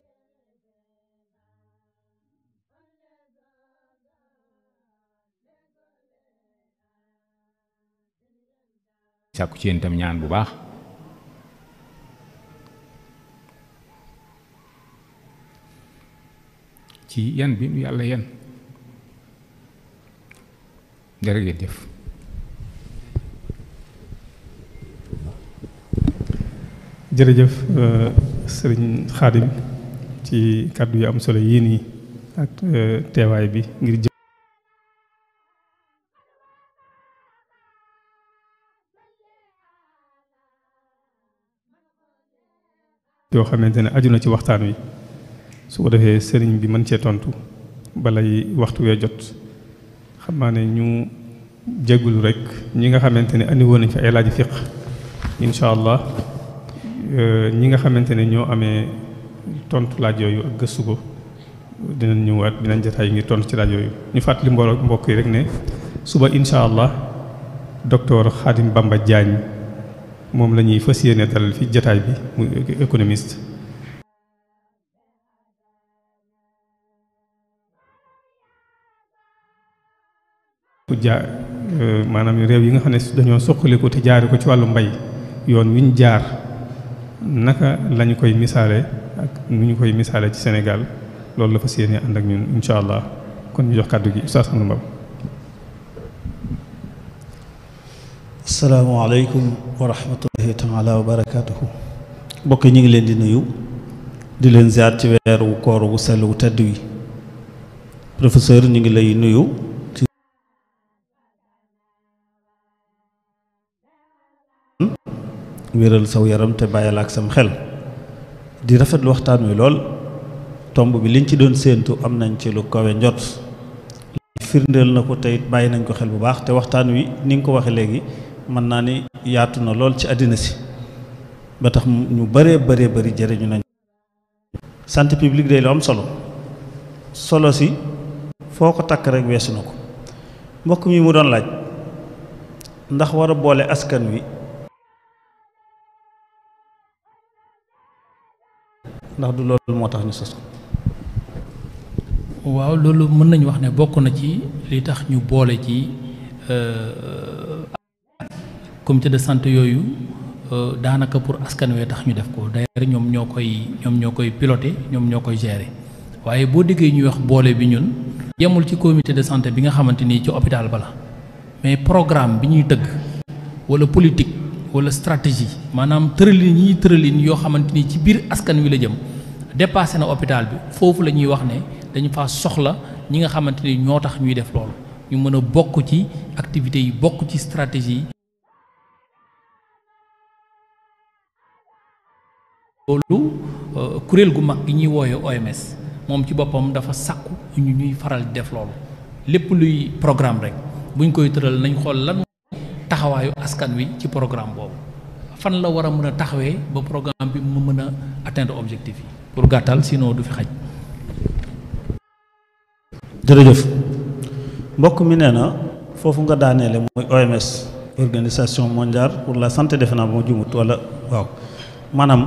S3: sàkku ci yéen itam ñaan bu baax Eh, ci yan bi nu yàlla yan jërë ngeen jëf
S1: jërëjëf sëriñ xaadim ci kàddu yu am solo yii nii ak eh, teewaay bi ngir jë yoo xamante ne aju ci waxtaan wi su ko defee sëriñ bi mën cee tontu balay waxtu wee jot xam naa ne ñu jéggulu rek ñi nga xamante ne andi woon nañ fi ay laaji fiq incha allah euh, ñi nga xamante ne ñoo amee tontu laaj yooyu ak gëstu ko dinañ ñëwaat dinañ jotaay ngir tontu ci laaj yooyu ñu fàttali mbooloo mbokk yi rek ne suba incha allah docteur Khadim jaañ moom la ñuy fas yéene dalal fi jotaay bi muy économiste. ku ja euh, maanaam réew yi nga xam ne dañoo soqaliku te jaari ko ci wàllu mbay yoon wi ñu jaar naka lañu koy misaale ak nu ñu koy misaale ci senegal loolu la fas yéene ànd ak ñun incha allah kon ñu jox kàddu gi Oustaz Hamdou Mbaw
S4: asalaamaaleykum wa rahmatullahi taala wa barakaatuhu mbokk ñu ngi leen di nuyu di leen ziar ci weeru koor wu sell wu tedd wi professeur ñu ngi lay nuyu wéral saw yaram te bàyyil ak sam xel di rafetlu waxtaan wi lool tomb bi liñ ci doon séentu am nañ ci lu kawe njot firndeel na ko tey bàyyi nañ ko xel bu baax te waxtaan wi ni nga ko waxee léegi mën naa ni yaatu na lool ci àddina si ba tax ñu bëree bëree bari jëriñu nañ santé publique day lu am solo solo si foo ko takk rek weesu na ko mbokk mi mu doon laaj ndax war boole askan wi ndax du loolu moo tax ñu sos waaw loolu mën nañu wax ne bokk
S2: na ci li tax ñu boole ci euh, comité de santé yooyu euh, daanaka pour askan wee tax ñu def ko d'ailleurs ñoom ñoo koy ñoom ñoo koy piloté ñoom ñoo koy géré waaye boo diggee ñuy wax boole bi ñun yemul ci comité de santé bi nga xamante ni ci hôpital bala mais programme bi ñuy tëgg wala politique wala stratégie maanaam tëralin ñuy tëralin yoo xamante ni ci biir askan wi la jëm dépassé na hôpital bi foofu la ñuy wax ne dañu fa soxla ñi nga xamante ni ñoo tax ñuy def loolu ñu mën a bokk ci activités yi bokk ci stratégie yi. loolu euh, kuréel gu mag gi ñuy wooyee OMS moom ci boppam dafa sàkku ñu ñuy faral di def loolu lépp luy programme rek buñ koy tëral nañ xool lan. taxawaayu askan wi ci programme boobu fan la war a mën a taxawee ba programme bi mu mën a atteindre objectif
S4: yi pour gàttal sinon du fi xaj mbokk mi nee na foofu nga daaneele mooy OMS organisation mondiale pour la santé defe naa moo jumut wala waaw maanaam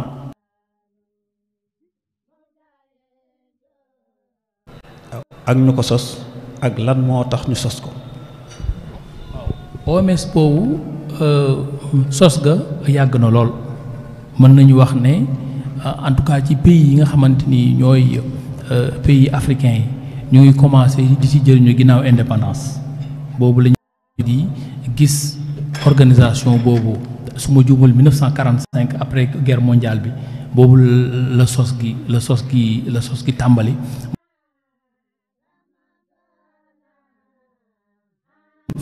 S4: ak ñu ko sos ak lan moo tax ñu sos ko OMS boobu euh,
S2: sos ga yàgg na lool mën nañu wax ne euh, en tout cas ci pays yi nga xamante ni ñooy euh, pays africains yi ñu ngi commencé di ci jëriñu ginnaaw indépendance boobu la ñu di gis organisation boobu suma ma jubal 1945 après guerre mondiale bi boobu la sos gi la sos gi la sos gi tàmbali.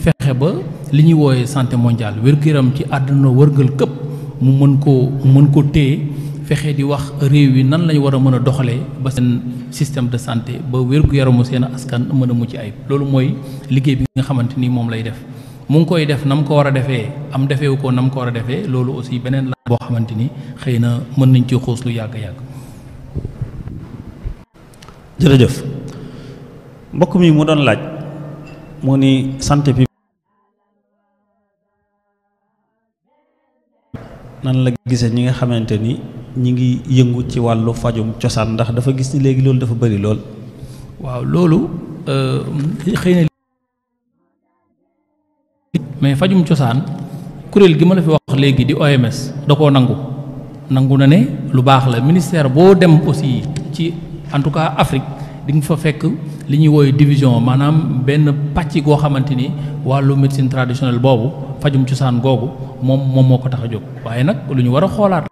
S2: fexe ba. li ñuy wooyee santé mondiale wér-gu-yaram ci àdduna wërgal këpp mu mën koo mën ko téye fexe di wax réew yi nan lañu war a mën a doxalee ba seen système de santé ba wér gu mu seen askan mën a mucc ayib loolu mooy liggéey bi nga xamante ni moom lay def mu ngi koy def na ko war a defee am defeewu ko ko war a defee loolu aussi beneen la xamante ni xëy na mën nañ ci xuus lu yàgg-yàgg
S4: jërëjëf mbokk mi mu doon laaj moo ni santé bi nan la gisee ñi nga xamante ni ñi ngi yëngu ci wàllu fajum cosaan ndax dafa gis ni léegi loolu dafa bëri lool. waaw loolu
S2: euh, xëy na mais fajum cosaan kuréel gi ma la fi wax léegi di OMS da koo nangu nangu na ne lu baax la ministère boo dem aussi ci en Afrique di nga fa fekk. li ñuy wooye division maanaam benn pàcc goo xamante ni wàllu médecine traditionnelle boobu fajum cosaan googu moom moom moo ko tax a jóg waaye nag lu ñu war a xoolaat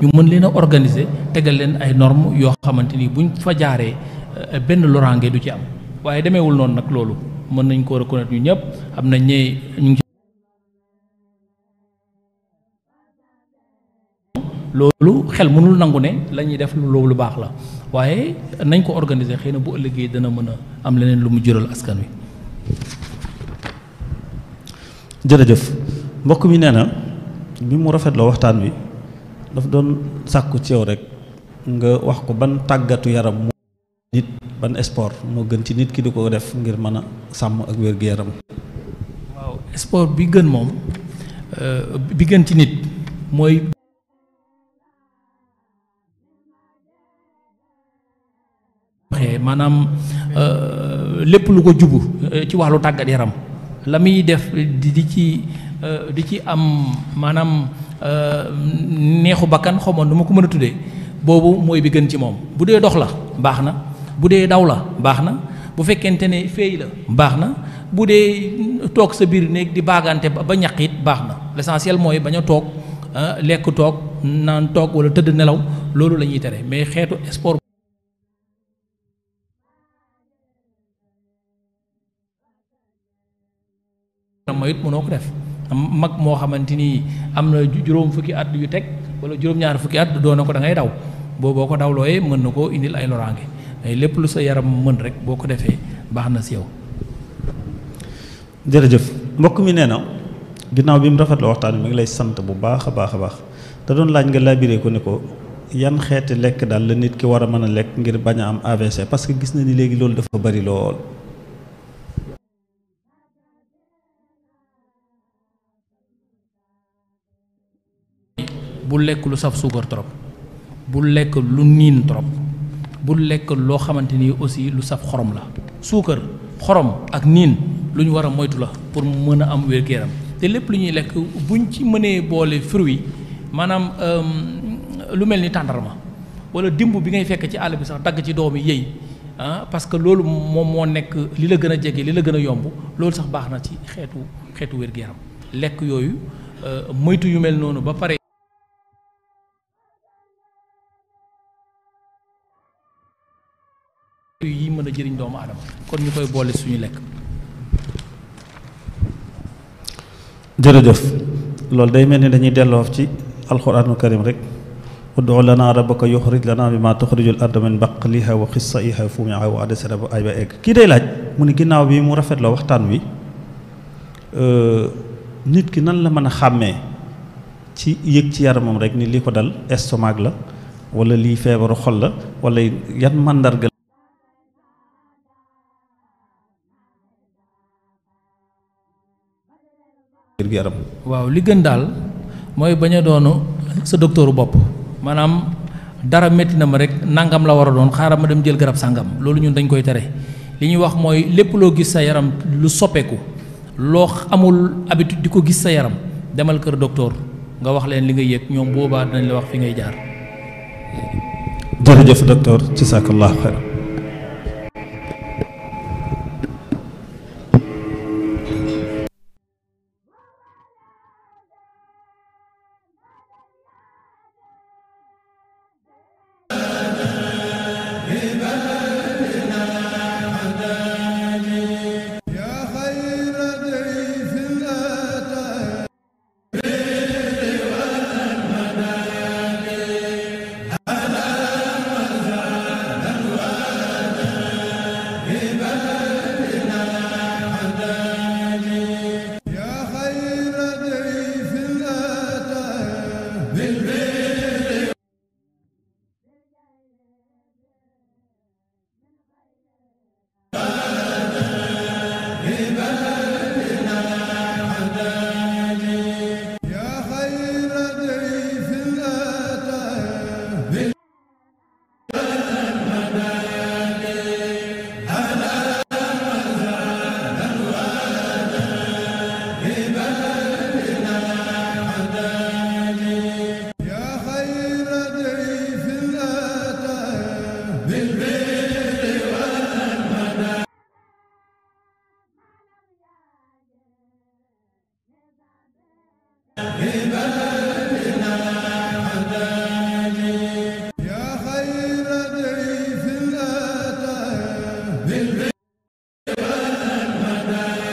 S2: ñu mën leen a organiser tegal leen ay normes yoo xamante ni buñ fa jaaree eh, benn loraange du ci am waaye demeewul noonu nag loolu mën nañ ko reconnaître ñu ñëpp am nañ ñee ñu ngi loolu xel mënul nangu ne lañuy ñuy def loolu lu baax la waaye nañ ko organiser xëy na bu ëllëgee dana
S4: mën a am leneen lu mu jural askan wi. jërëjëf mbokk mi nee na bi mu rafetloo waxtaan wi dafa doon sàkku ci rek nga wax ko ban tàggatu yaram nit ban sport moo gën ci nit ki di ko def ngir mën a sàmm ak wér gu yaram. waaw sport bi gën moom euh, bi gën ci nit mooy.
S2: waxee maanaam euh, lépp lu ko jubu euh, ci wàllu tàggat yaram la muy def di ci euh, di ci am maanaam neexu bakkan xaw ma nu ko mën a tuddee boobu mooy bi gën ci moom bu dee dox la baax na bu dee daw la baax na bu fekkente ne feey la baax na bu dee toog sa biir néeg di baagante ba ñaq it baax na l'essentiel mooy bañ a toog lekk toog naan toog walla tëdd nelaw loolu la tere mais xeetu sport ma it mënoo ko def mag moo xamante ni am na juróom fukki at yu teg wala juróom ñaar fukki at doo na ko da ngay daw boo boo ko dawlooyee mën na koo indil ay loraange lépp lu sa yaram mën rek boo ko defee baax na si yow.
S4: jërëjëf mbokk mi nee na bi mu la waxtaan mi ngi lay sant bu baax a baax a baax doon laaj nga labiré ko ne yan xeeti lekk daal la nit ki war a mën a lekk ngir bañ a am AVC parce que gis na ni léegi loolu dafa bari lool.
S2: bul lekk lu saf suukar trop bul lekk lu niin trop bul lekk loo xamante ni aussi lu saf xorom la suukar xorom ak niin lu ñu war a moytu la pour mën a am wér gu te lépp lu ñuy lekk buñ ci mënee boole fruit maanaam euh, lu mel ni tàndarma wala dimb bi ngay fekk ci àll bi sax dagg ci doomi yëy ah parce que loolu moom moo nekk li la gën a jege li la gën a yomb loolu sax baax na ci xeetu xeetu wér gu lekk yooyu euh, moytu yu mel noonu ba pare. جيرين دوم ادم كون نيكوي بولي سوني ليك
S4: جيرو جيف لول داي ملني داني ديلو في القران الكريم رك ودعو لنا ربك يخرج لنا بما تخرج الارض wér gu yaram
S2: waaw li gën daal mooy bañ a doonu sa docteuru bopp maanaam dara metti na ma rek nangam la war a doon xaaral ma dem jël garab sàngam loolu ñun dañ koy tere li ñuy wax mooy lépp loo gis sa yaram lu soppeeku loo amul habitude di ko gis sa yaram demal kër docteur nga wax leen li nga yëg ñoom boobaa dinañ la wax fi ngay jaar
S4: jërëjëf docteur ci sàkk allah